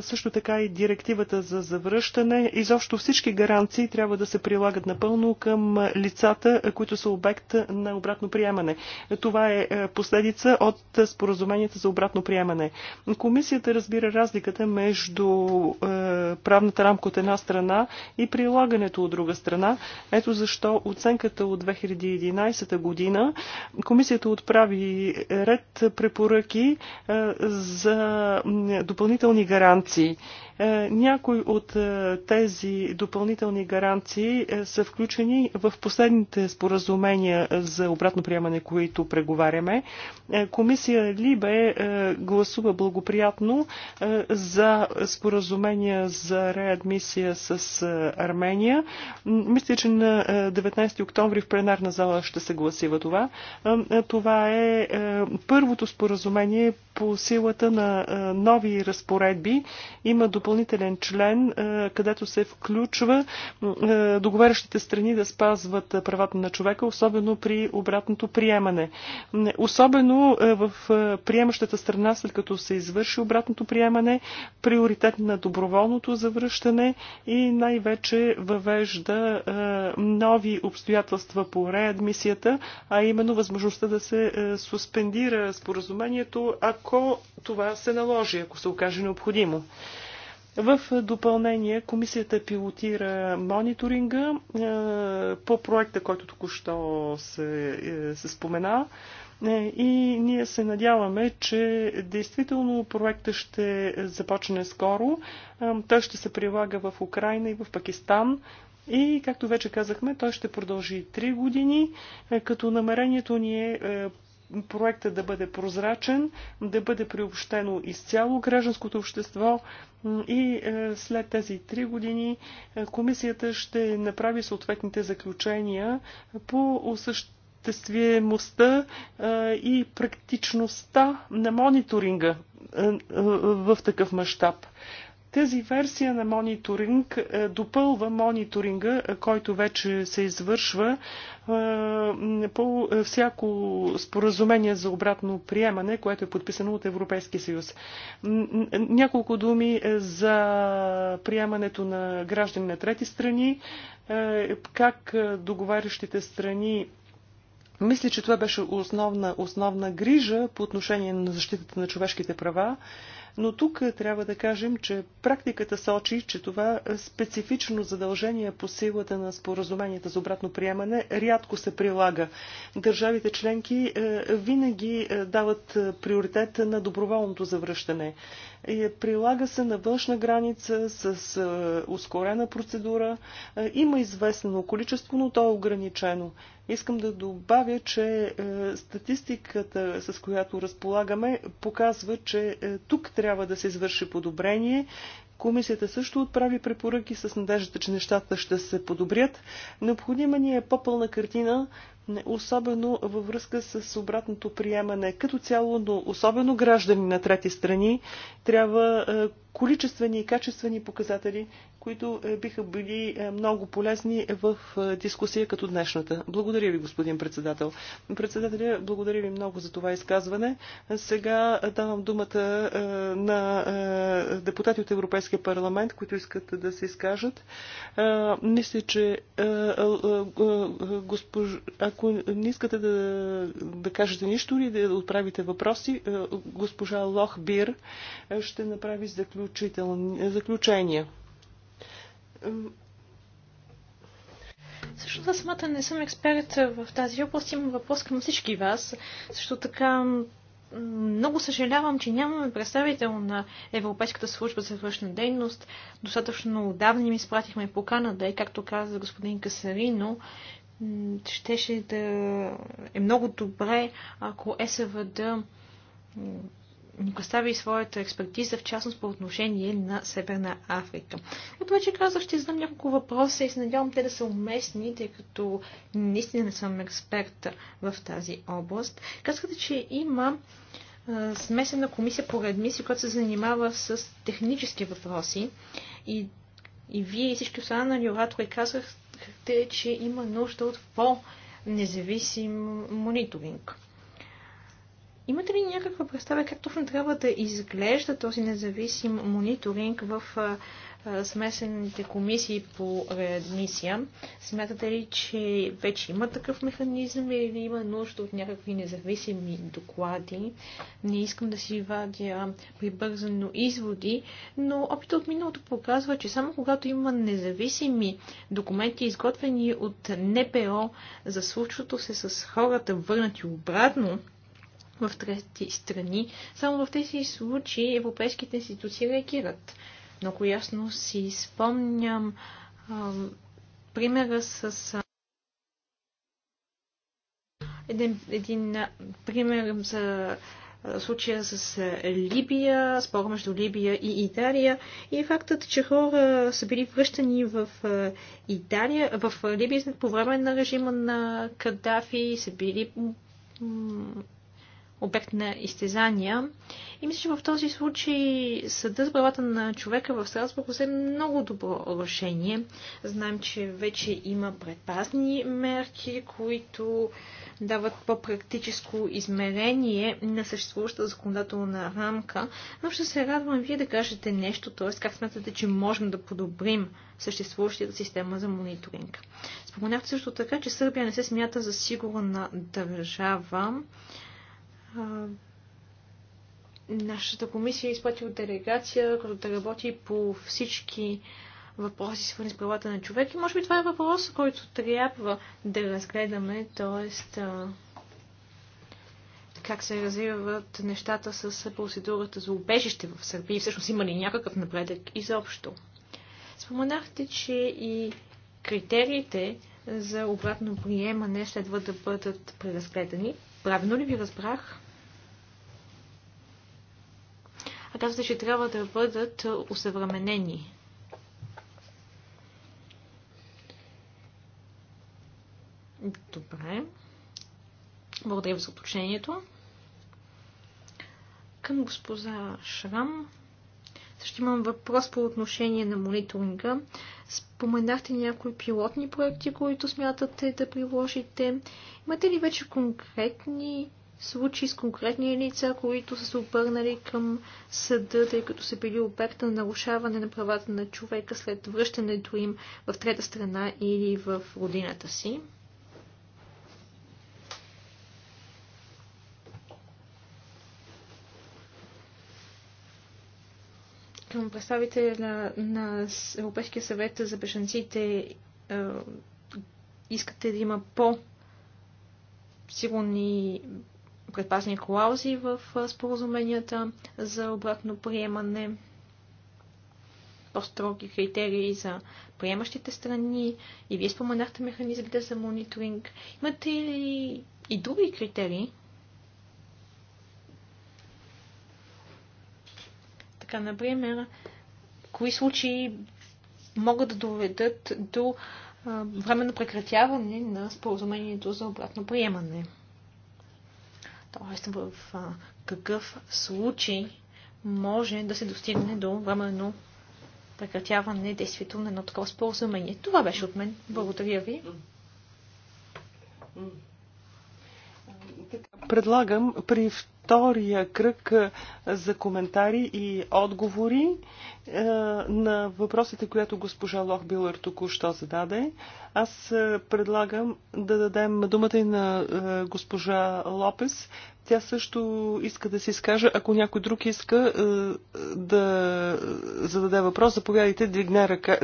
също така и директивата за завръщане. Изобщо всички гаранции трябва да се прилагат напълно към лицата, които са обект на обратно приемане. Това е, е последица от споразуменията за обратно приемане. Комисията разбира разликата между е, правната рамка от една страна и прилагането от друга страна. Ето защо оценката от 2011 година комисията отправи ред препоръки е, за допълнителни гаранции гаранции. Е, някои от е, тези допълнителни гаранции е, са включени в последните споразумения за обратно приемане, които преговаряме. Комисия Либе гласува благоприятно за споразумения за реадмисия с Армения. Мисля, че на 19 октомври в пленарна зала ще се гласива това. Това е първото споразумение по силата на нови разпоредби. Има допълнителни допълнителен член, е, където се включва е, договарящите страни да спазват правата на човека, особено при обратното приемане. Особено е, в приемащата страна, след като се извърши обратното приемане, приоритет на доброволното завръщане и най-вече въвежда нови обстоятелства по реадмисията, а именно възможността да се суспендира споразумението, ако това се наложи, ако се окаже необходимо. В допълнение, комисията пилотира мониторинга е, по проекта, който току-що се, е, се спомена. Е, и ние се надяваме, че действително проекта ще започне скоро. Той ще се прилага в Украина и в Пакистан. И, както вече казахме, той ще продължи 3 години, като намерението ни е проекта да бъде прозрачен, да бъде приобщено изцяло гражданското общество и е, след тези три години е, комисията ще направи съответните заключения по осъществимостта е, и практичността на мониторинга в такъв мащаб. Тази версия на мониторинг е, допълва мониторинга, е, който вече се извършва е, по всяко споразумение за обратно приемане, което е подписано от Европейския съюз. Няколко думи за приемането на граждани на трети страни, как договарящите страни мисля, че това беше основна, основна грижа по отношение на защитата на човешките права. Но тук е, трябва да кажем, че практиката сочи, че това специфично задължение по силата на споразуменията за обратно приемане рядко се прилага. Държавите членки е, винаги е, дават приоритет на доброволното завръщане. Прилага се на външна граница с ускорена процедура. Има известно количество, но то е ограничено. Искам да добавя, че статистиката, с която разполагаме, показва, че тук трябва да се извърши подобрение. Комисията също отправи препоръки с надеждата, че нещата ще се подобрят. Необходима ни е по-пълна картина особено във връзка с обратното приемане като цяло, но особено граждани на трети страни, трябва е, количествени и качествени показатели, които е, биха били е, много полезни в дискусия като днешната. Благодаря ви, господин председател. Председателя, благодаря ви много за това изказване. Сега давам думата на депутати от Европейския парламент, които искат да се изкажат. Мисля, че госпож... ако ако не искате да, да кажете нищо или да отправите въпроси, е, госпожа Лох Бир е, ще направи заключения. Също да самата не съм експерт в тази област. Имам въпрос към всички вас. Също така много съжалявам, че нямаме представител на Европейската служба за външна дейност. Достатъчно отдавна ми изпратихме да и, както каза господин Касарино, щеше да е много добре, ако ЕСВ да ни представи своята експертиза, в частност по отношение на Северна Африка. Като вече казах, ще задам няколко въпроса и се надявам те да са уместни, тъй като наистина не съм експерт в тази област. Казахте, че има смесена комисия по редмисия, която се занимава с технически въпроси и и вие и всички останали оратори казах, изтъкнахте, че има нужда от по-независим мониторинг. Имате ли някаква представа как точно трябва да изглежда този независим мониторинг в смесените комисии по реадмисия? Смятате ли, че вече има такъв механизъм или има нужда от някакви независими доклади? Не искам да си вадя прибързано изводи, но опитът от миналото показва, че само когато има независими документи, изготвени от НПО за случвато се с хората, върнати обратно в трети страни. Само в тези случаи европейските институции реагират. Много ясно си спомням а, примера с а, един, един а, пример за случая с Либия, спор между Либия и Италия и фактът, че хора са били връщани в Италия, в Либия по време на режима на Кадафи, са били обект на изтезания. И мисля, че в този случай съда за правата на човека в Страсбург е много добро решение. Знаем, че вече има предпазни мерки, които дават по-практическо измерение на съществуващата законодателна рамка, но ще се радвам вие да кажете нещо, т.е. как смятате, че можем да подобрим съществуващата система за мониторинг. Споменахте също така, че Сърбия не се смята за сигурна държава нашата комисия е изпратила делегация, която да работи по всички въпроси, свързани с правата на човек. И може би това е въпрос, който трябва да разгледаме, т.е. как се развиват нещата с процедурата за убежище в Сърбия и всъщност има ли някакъв напредък изобщо. Споменахте, че и критериите за обратно приемане следва да бъдат преразгледани. Правилно ли ви разбрах? А казвате, че трябва да бъдат усъвременени. Добре. Благодаря ви за уточнението. Към госпожа Шрам също имам въпрос по отношение на мониторинга. Споменахте някои пилотни проекти, които смятате да приложите. Имате ли вече конкретни случаи с конкретни лица, които са се обърнали към съда, тъй като са били обект на нарушаване на правата на човека след връщането им в трета страна или в родината си? към представителя на, на Европейския съвет за бежанците е, искате да има по сигурни предпазни клаузи в споразуменията за обратно приемане, по-строги критерии за приемащите страни и вие споменахте механизмите за мониторинг. Имате ли и други критерии, Така, например, кои случаи могат да доведат до временно прекратяване на споразумението за обратно приемане. Тоест, в какъв случай може да се достигне до временно прекратяване действието на едно такова споразумение. Това беше от мен. Благодаря ви. Предлагам при втория кръг за коментари и отговори на въпросите, които госпожа Лохбилър току-що зададе. Аз предлагам да дадем думата и на госпожа Лопес. Тя също иска да се изкаже. Ако някой друг иска да зададе въпрос, заповядайте,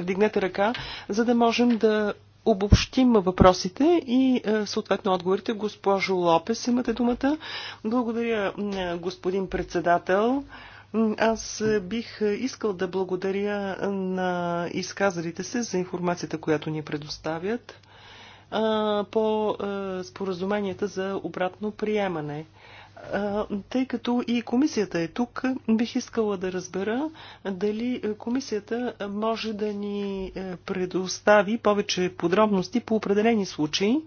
дигнете ръка, за да можем да обобщим въпросите и е, съответно отговорите. Госпожо Лопес, имате думата. Благодаря, е, господин председател. Аз бих искал да благодаря на изказалите се за информацията, която ни предоставят е, по споразуменията за обратно приемане. Тъй като и комисията е тук, бих искала да разбера дали комисията може да ни е, предостави повече подробности по определени случаи.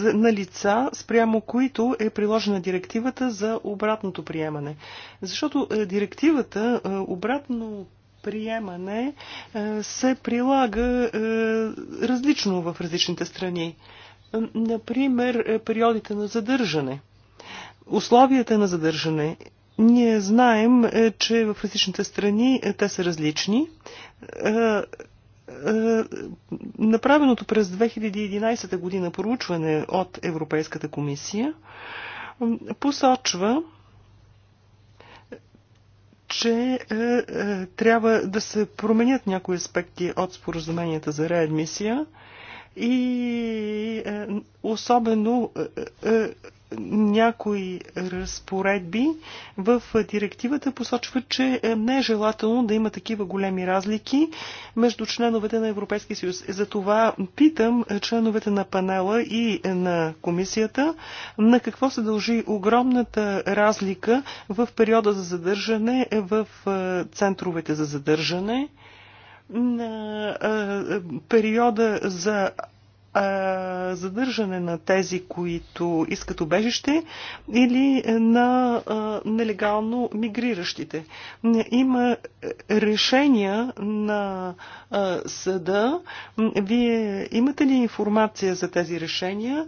на лица, спрямо които е приложена директивата за обратното приемане. Защото е, директивата е, обратно приемане е, се прилага е, различно в различните страни. Е, например, периодите на задържане. Условията на задържане. Ние знаем, че в различните страни те са различни. Направеното през 2011 година поручване от Европейската комисия посочва, че е, е, трябва да се променят някои аспекти от споразуменията за реадмисия и е, особено е, е, някои разпоредби в директивата посочват, че е, не е желателно да има такива големи разлики между членовете на Европейския съюз. Затова питам е, членовете на панела и е, на комисията на какво се дължи огромната разлика в периода за задържане в центровете за задържане на периода за задържане на тези, които искат убежище или на нелегално мигриращите. Има решения на съда. Вие имате ли информация за тези решения?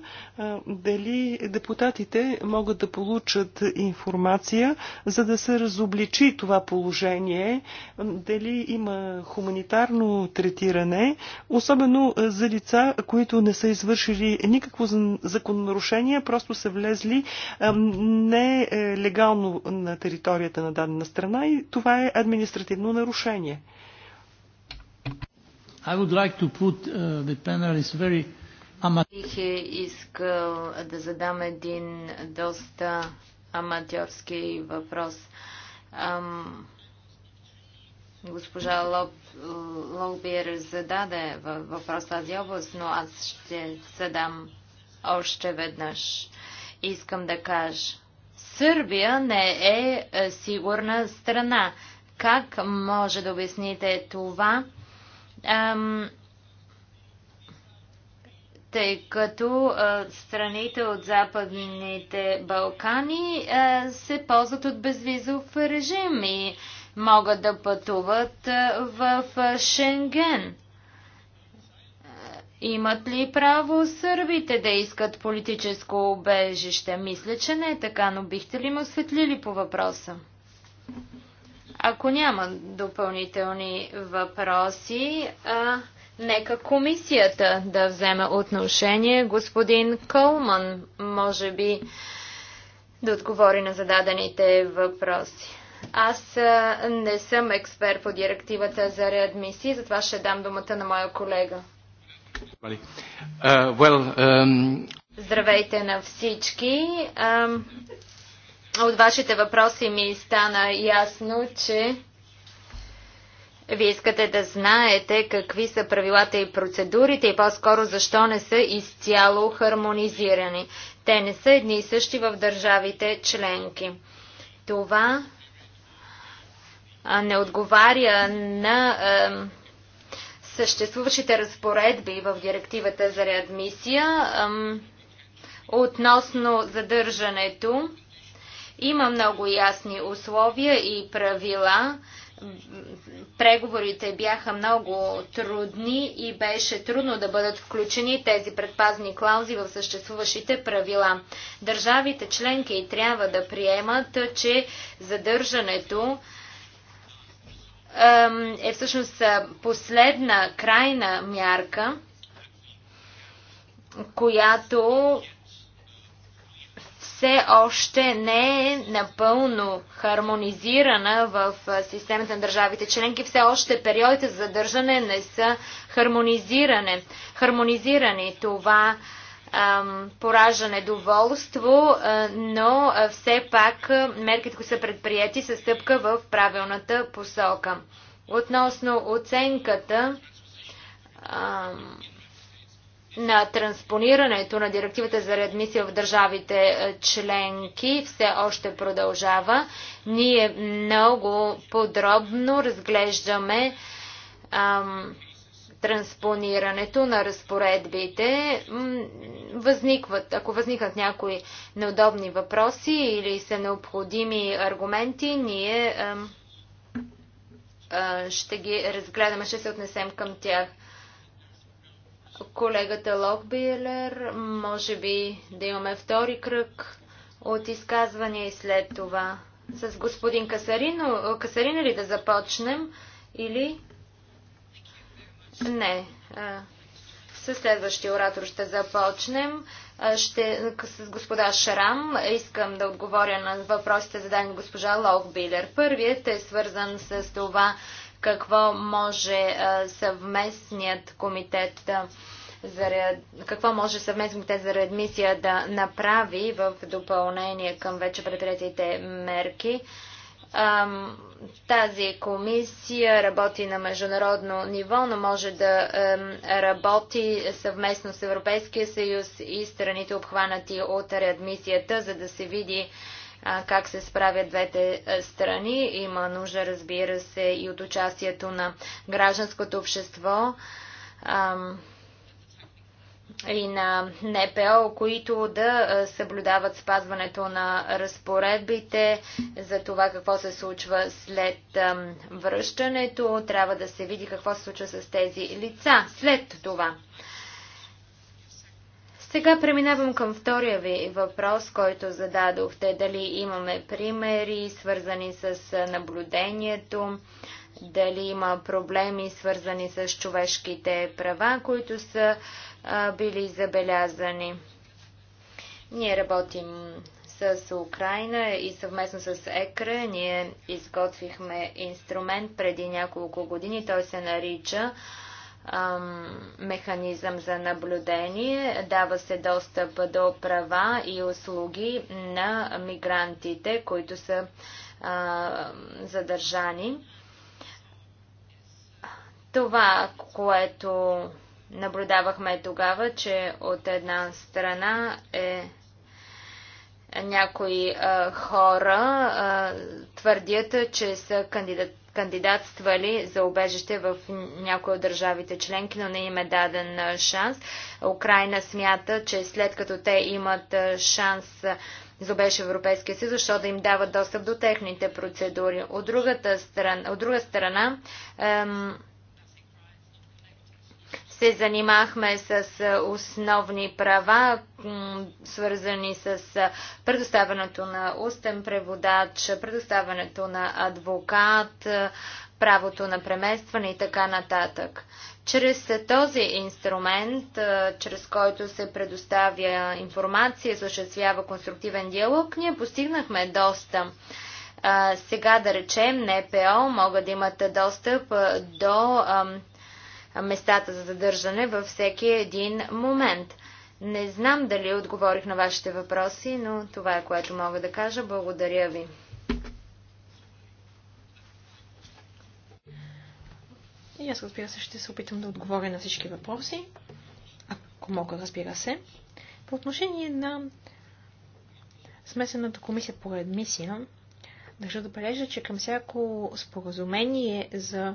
Дали депутатите могат да получат информация, за да се разобличи това положение? Дали има хуманитарно третиране, особено за лица, които не са извършили никакво закононарушение, просто са влезли нелегално е, на територията на дадена страна и това е административно нарушение. I would like to put uh, the panelists very Бих е искал да задам един доста аматьорски въпрос. Ам, Госпожа Лоб, Лобиер зададе въпрос в тази област, но аз ще задам още веднъж. Искам да кажа. Сърбия не е, е сигурна страна. Как може да обясните това? Ам, тъй като а, страните от Западните Балкани а, се ползват от безвизов режим и а, могат да пътуват в Шенген? Имат ли право сърбите да искат политическо убежище? Мисля, че не е така, но бихте ли ме осветлили по въпроса? Ако няма допълнителни въпроси, а, нека комисията да вземе отношение. Господин Колман, може би, да отговори на зададените въпроси. Аз не съм експерт по директивата за реадмисии, затова ще дам думата на моя колега. Здравейте на всички. От вашите въпроси ми стана ясно, че вие искате да знаете какви са правилата и процедурите и по-скоро защо не са изцяло хармонизирани. Те не са едни и същи в държавите членки. Това не отговаря на съществуващите разпоредби в директивата за реадмисия относно задържането. Има много ясни условия и правила. Преговорите бяха много трудни и беше трудно да бъдат включени тези предпазни клаузи в съществуващите правила. Държавите членки трябва да приемат, че задържането е всъщност последна, крайна мярка, която все още не е напълно хармонизирана в системата на държавите членки. Все още периодите за задържане не са хармонизирани. Това поража недоволство, но все пак мерките, които са предприяти, са стъпка в правилната посока. Относно оценката на транспонирането на директивата за реадмисия в държавите членки все още продължава. Ние много подробно разглеждаме ам, транспонирането на разпоредбите възникват, ако възникнат някои неудобни въпроси или са необходими аргументи, ние ще ги разгледаме, ще се отнесем към тях. Колегата Локбилер, може би да имаме втори кръг от изказвания и след това. С господин Касарин, Касарин ли да започнем или не. Със следващия оратор ще започнем. Ще, с господа Шрам искам да отговоря на въпросите зададени госпожа Локбилер. Първият е свързан с това какво може съвместният комитет за ре... какво може съвместно за реадмисия да направи в допълнение към вече предприятите мерки. Тази комисия работи на международно ниво, но може да работи съвместно с Европейския съюз и страните обхванати от реадмисията, за да се види как се справят двете страни. Има нужда, разбира се, и от участието на гражданското общество и на НПО, които да съблюдават спазването на разпоредбите за това какво се случва след връщането. Трябва да се види какво се случва с тези лица след това. Сега преминавам към втория ви въпрос, който зададохте. Дали имаме примери, свързани с наблюдението, дали има проблеми, свързани с човешките права, които са а, били забелязани. Ние работим с Украина и съвместно с ЕКРА ние изготвихме инструмент преди няколко години. Той се нарича механизъм за наблюдение. Дава се достъп до права и услуги на мигрантите, които са а, задържани. Това, което Наблюдавахме тогава, че от една страна е някои а, хора а, твърдят, че са кандидат, кандидатствали за убежище в някои от държавите членки, но не им е даден шанс. Украина смята, че след като те имат шанс за убежище в Европейския съюз, защото да им дават достъп до техните процедури. От, другата страна, от друга страна, ем, се занимахме с основни права, свързани с предоставянето на устен преводач, предоставянето на адвокат, правото на преместване и така нататък. Чрез този инструмент, чрез който се предоставя информация, осъществява конструктивен диалог, ние постигнахме доста. Сега, да речем, НПО могат да имат достъп до местата за задържане във всеки един момент. Не знам дали отговорих на вашите въпроси, но това е което мога да кажа. Благодаря ви. И аз разбира се ще се опитам да отговоря на всички въпроси, ако мога, разбира се. По отношение на смесената комисия по редмисия, държа да бележа, че към всяко споразумение за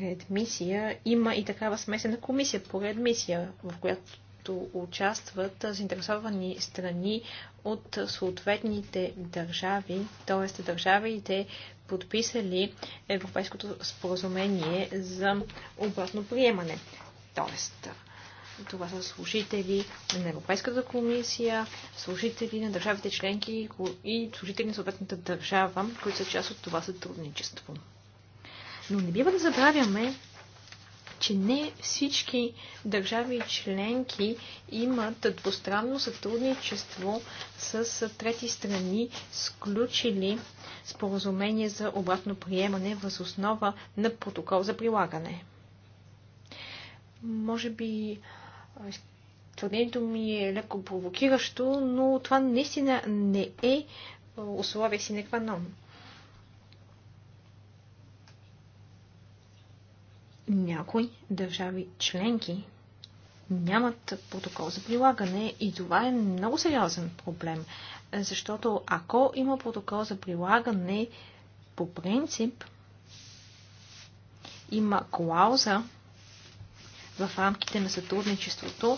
реадмисия има и такава смесена комисия по реадмисия, в която участват заинтересовани страни от съответните държави, т.е. държавите подписали Европейското споразумение за обратно приемане. т.е. това са служители на Европейската комисия, служители на държавите членки и служители на съответната държава, които са част от това сътрудничество. Но не бива да забравяме, че не всички държави и членки имат двустранно сътрудничество с трети страни, сключили споразумение за обратно приемане въз основа на протокол за прилагане. Може би твърдението ми е леко провокиращо, но това наистина не е условие си некванон. някои държави членки нямат протокол за прилагане и това е много сериозен проблем, защото ако има протокол за прилагане, по принцип има клауза в рамките на сътрудничеството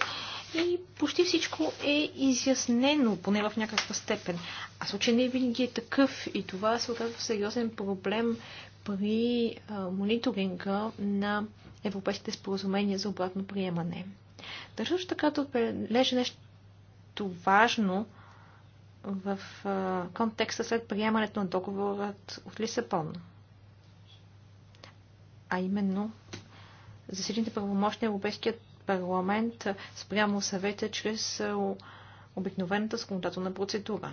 и почти всичко е изяснено, поне в някаква степен. А случай не винаги е такъв и това се оказва сериозен проблем при мониторинга на европейските споразумения за обратно приемане. Държа също така да отбележа нещо важно в контекста след приемането на договорът от Лисабон. А именно за правомощи на Европейският парламент спрямо съвета чрез обикновената законодателна процедура.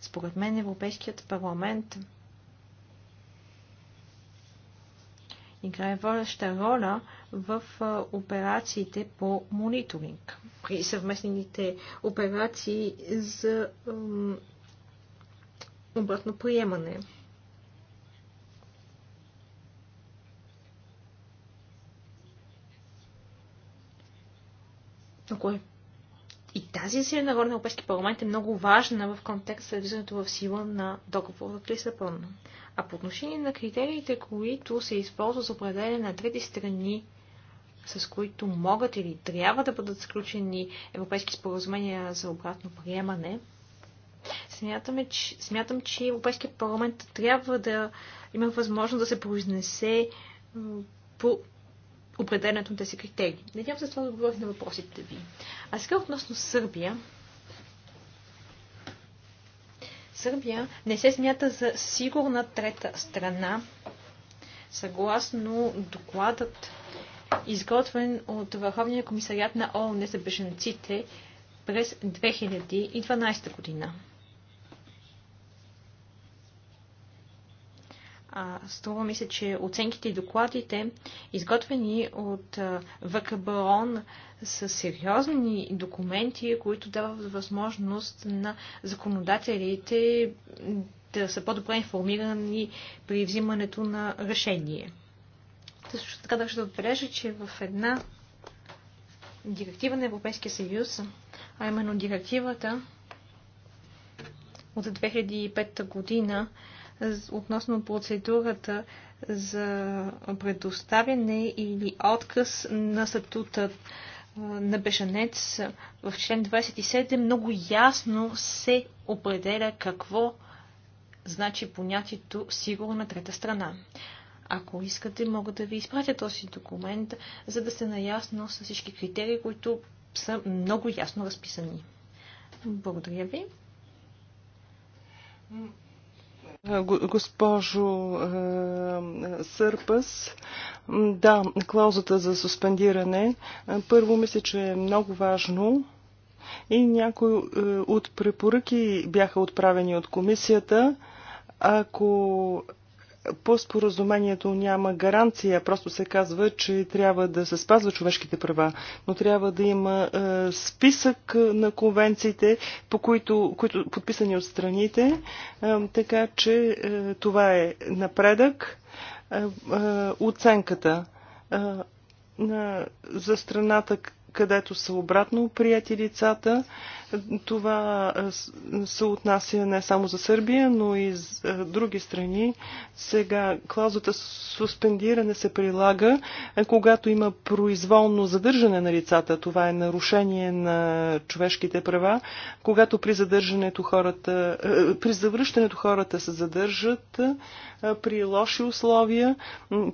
Според мен Европейският парламент играе водеща роля в операциите по мониторинг. При съвместните операции за обратно приемане. Ако е и тази на роля на Европейски парламент е много важна в контекста за влизането в сила на договора от Лисабон. А по отношение на критериите, които се използват за определение на трети страни, с които могат или трябва да бъдат сключени европейски споразумения за обратно приемане, смятаме, че, смятам, че Европейския парламент трябва да има възможност да се произнесе по определенето на тези критерии. Надявам се това да отговорих на въпросите ви. А сега относно Сърбия, Сърбия не се смята за сигурна трета страна, съгласно докладът, изготвен от Върховния комисариат на ООН за беженците през 2012 година. струва ми се, че оценките и докладите, изготвени от ВКБОН, са сериозни документи, които дават възможност на законодателите да са по-добре информирани при взимането на решение. Също така държа да отбележа, че в една директива на Европейския съюз, а именно директивата от 2005 година относно процедурата за предоставяне или отказ на статута на бежанец в член 27 много ясно се определя какво значи понятието сигурна трета страна. Ако искате, мога да ви изпратя този документ, за да сте наясно с всички критерии, които са много ясно разписани. Благодаря ви. Е, госпожо е, Сърпас, да, клаузата за суспендиране. Е, първо мисля, че е много важно и някои от препоръки бяха отправени от комисията. Ако по споразумението няма гаранция, просто се казва, че трябва да се спазва човешките права, но трябва да има е, списък на конвенциите, по които, които подписани от страните, е, така че е, това е напредък. Е, е, оценката е, на, за страната, където са обратно прияти лицата, е, това се отнася не само за Сърбия, но и за други страни. Сега клаузата суспендиране се прилага, когато има произволно задържане на лицата. Това е нарушение на човешките права. Когато при задържането хората, при завръщането хората се задържат при лоши условия,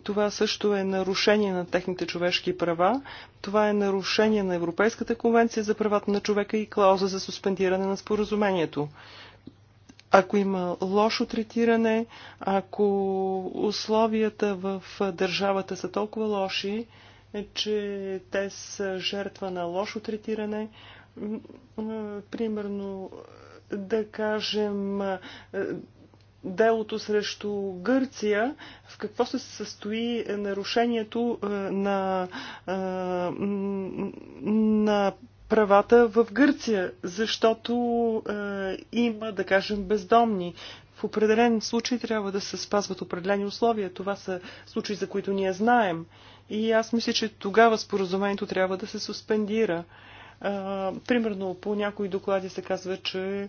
това също е нарушение на техните човешки права. Това е нарушение на Европейската конвенция за правата на човека и клаузата клауза за суспендиране на споразумението. Ако има лошо третиране, ако условията в държавата са толкова лоши, е, че те са жертва на лошо третиране, примерно, да кажем, е, делото срещу Гърция, в какво се състои нарушението е, на, на правата в Гърция, защото е, има, да кажем, бездомни. В определен случай трябва да се спазват определени условия. Това са случаи, за които ние знаем. И аз мисля, че тогава споразумението трябва да се суспендира. А, е, примерно по някои доклади се казва, че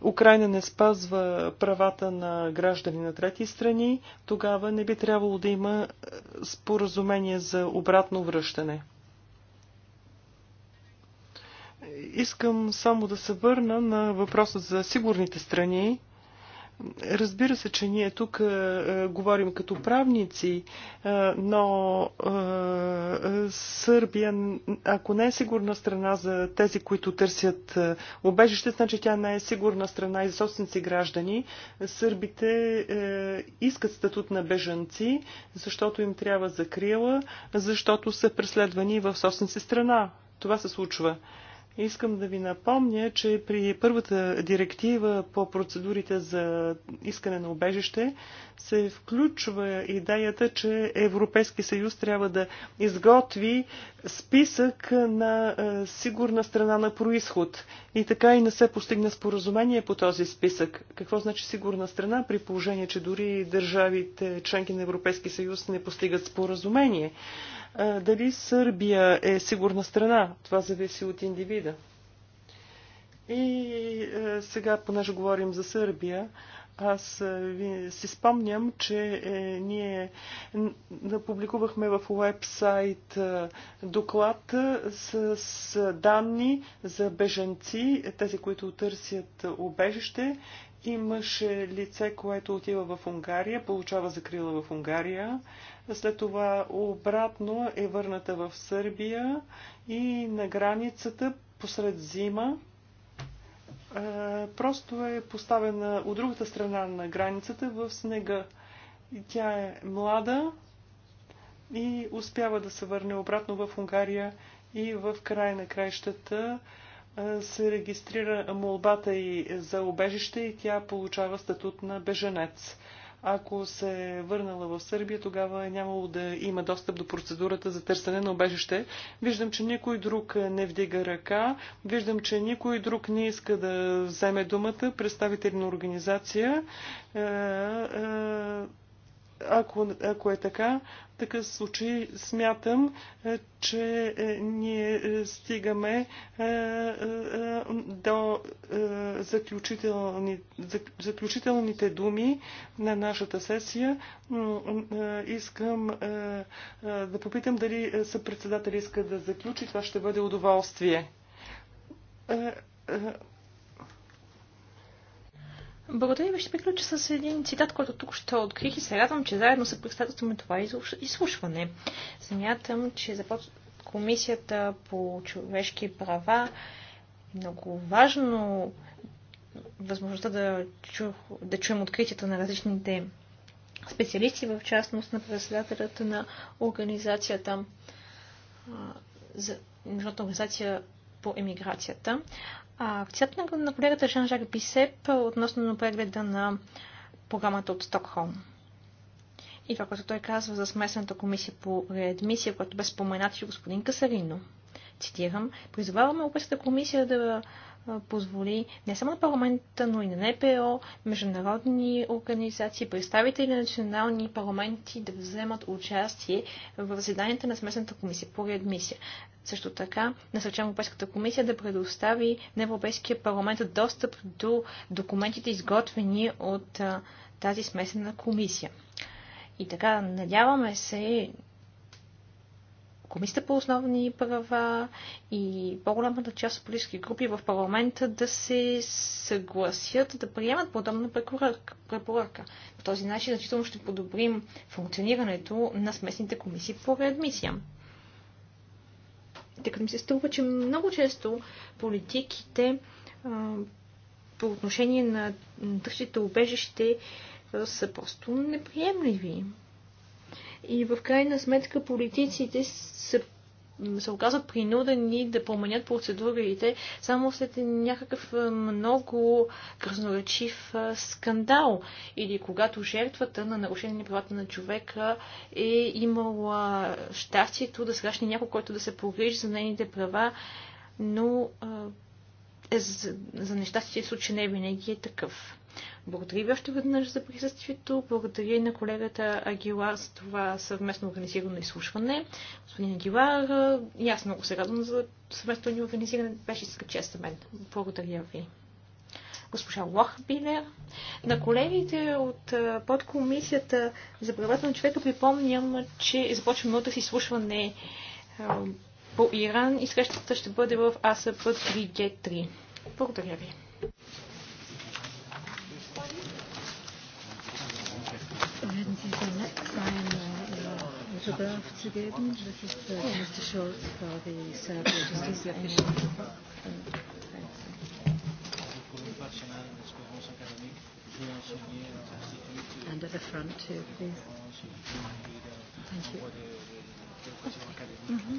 Украина не спазва правата на граждани на трети страни, тогава не би трябвало да има е, споразумение за обратно връщане. Искам само да се върна на въпроса за сигурните страни. Разбира се, че ние тук е, е, говорим като правници, е, но е, Сърбия, ако не е сигурна страна за тези, които търсят е, обежище, значи тя не е сигурна страна и за собственици граждани. Сърбите е, искат статут на бежанци, защото им трябва закрила, защото са преследвани в собственици страна. Това се случва. Е, Искам да ви напомня, че при първата директива по процедурите за искане на обежище се включва идеята, че Европейски съюз трябва да изготви списък на е, сигурна страна на происход и така и не се постигна споразумение по този списък. Какво значи сигурна страна при положение, че дори държавите членки на Европейски съюз не постигат споразумение? Дали Сърбия е сигурна страна? Това зависи от индивида. И сега, понеже говорим за Сърбия, аз си спомням, че е, ние публикувахме в уебсайт доклад с, данни за беженци, тези, които търсят убежище. Имаше лице, което отива в Унгария, получава закрила в Унгария. След това обратно е върната в Сърбия и на границата посред зима е, просто е поставена от другата страна на границата в снега. Тя е млада и успява да се върне обратно в Унгария и в края на краищата е, се регистрира молбата и за обежище и тя получава статут на беженец. Ако се е върнала в Сърбия, тогава е нямало да има достъп до процедурата за търсене на обежище. Виждам, че никой друг не вдига ръка. Виждам, че никой друг не иска да вземе думата. Представители на организация. Е, е, ако, ако е така, в такъв случай смятам, е, че е, ние е, стигаме до заключителни, заключителните думи на нашата сесия. Искам да попитам дали съпредседател иска да заключи. Това ще бъде удоволствие благодаря ви. Ще приключа с един цитат, който тук ще открих и се радвам, че заедно се представяме това изслушване. Смятам, че за Комисията по човешки права е много важно възможността да, чу, да чуем откритията на различните специалисти, в частност на председателят на организацията за Международната организация по емиграцията. Председател на на колегата Жан-Жак Бисеп относно на прегледа на програмата от Стокхолм. И това, което той казва за смесената комисия по реадмисия, което бе споменат и господин Касарино цитирам, призоваваме Европейската комисия да позволи не само на парламента, но и на НПО, международни организации, представители на национални парламенти да вземат участие в заседанията на смесната комисия по реадмисия. Също така насърчавам Европейската комисия да предостави на Европейския парламент достъп до документите, изготвени от а, тази смесена комисия. И така, надяваме се Комисията по основни права и по-голямата част от политически групи в парламента да се съгласят да приемат подобна препоръка. По този начин значително ще подобрим функционирането на сместните комисии по реадмисия. Тъй като ми се струва, че много често политиките а, по отношение на тъщите убежище са просто неприемливи и в крайна сметка политиците се, се оказват принудени да променят процедурите само след някакъв много красноречив скандал или когато жертвата на нарушение на правата на човека е имала щастието да срещне някой, който да се погрижи за нейните права, но е, за, за нещастие случай не винаги е такъв. Благодаря ви още веднъж за присъствието. Благодаря и на колегата Агилар за това съвместно организирано изслушване. Господин Агилар, и аз много се радвам за съвместно ни организиране. Беше иска чест за мен. Благодаря ви. Госпожа Лох, Билер, На колегите от подкомисията за правата на човека припомням, че е започваме да си изслушване по Иран и срещата ще бъде в АСП 3G3. Благодаря ви. autograph to give This is uh, Mr. Schultz for the Serbian Justice Commission. And at the front too, please. Thank you. Mm-hmm.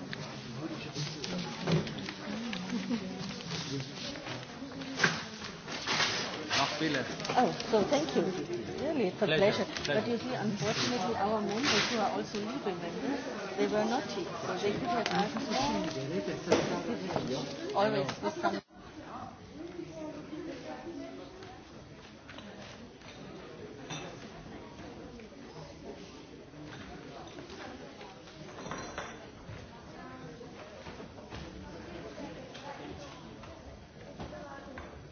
Oh, so thank you. Really, it's a pleasure. pleasure. pleasure. But you see, unfortunately, our members who are also legal members, they were not here, so they could have asked. Always with some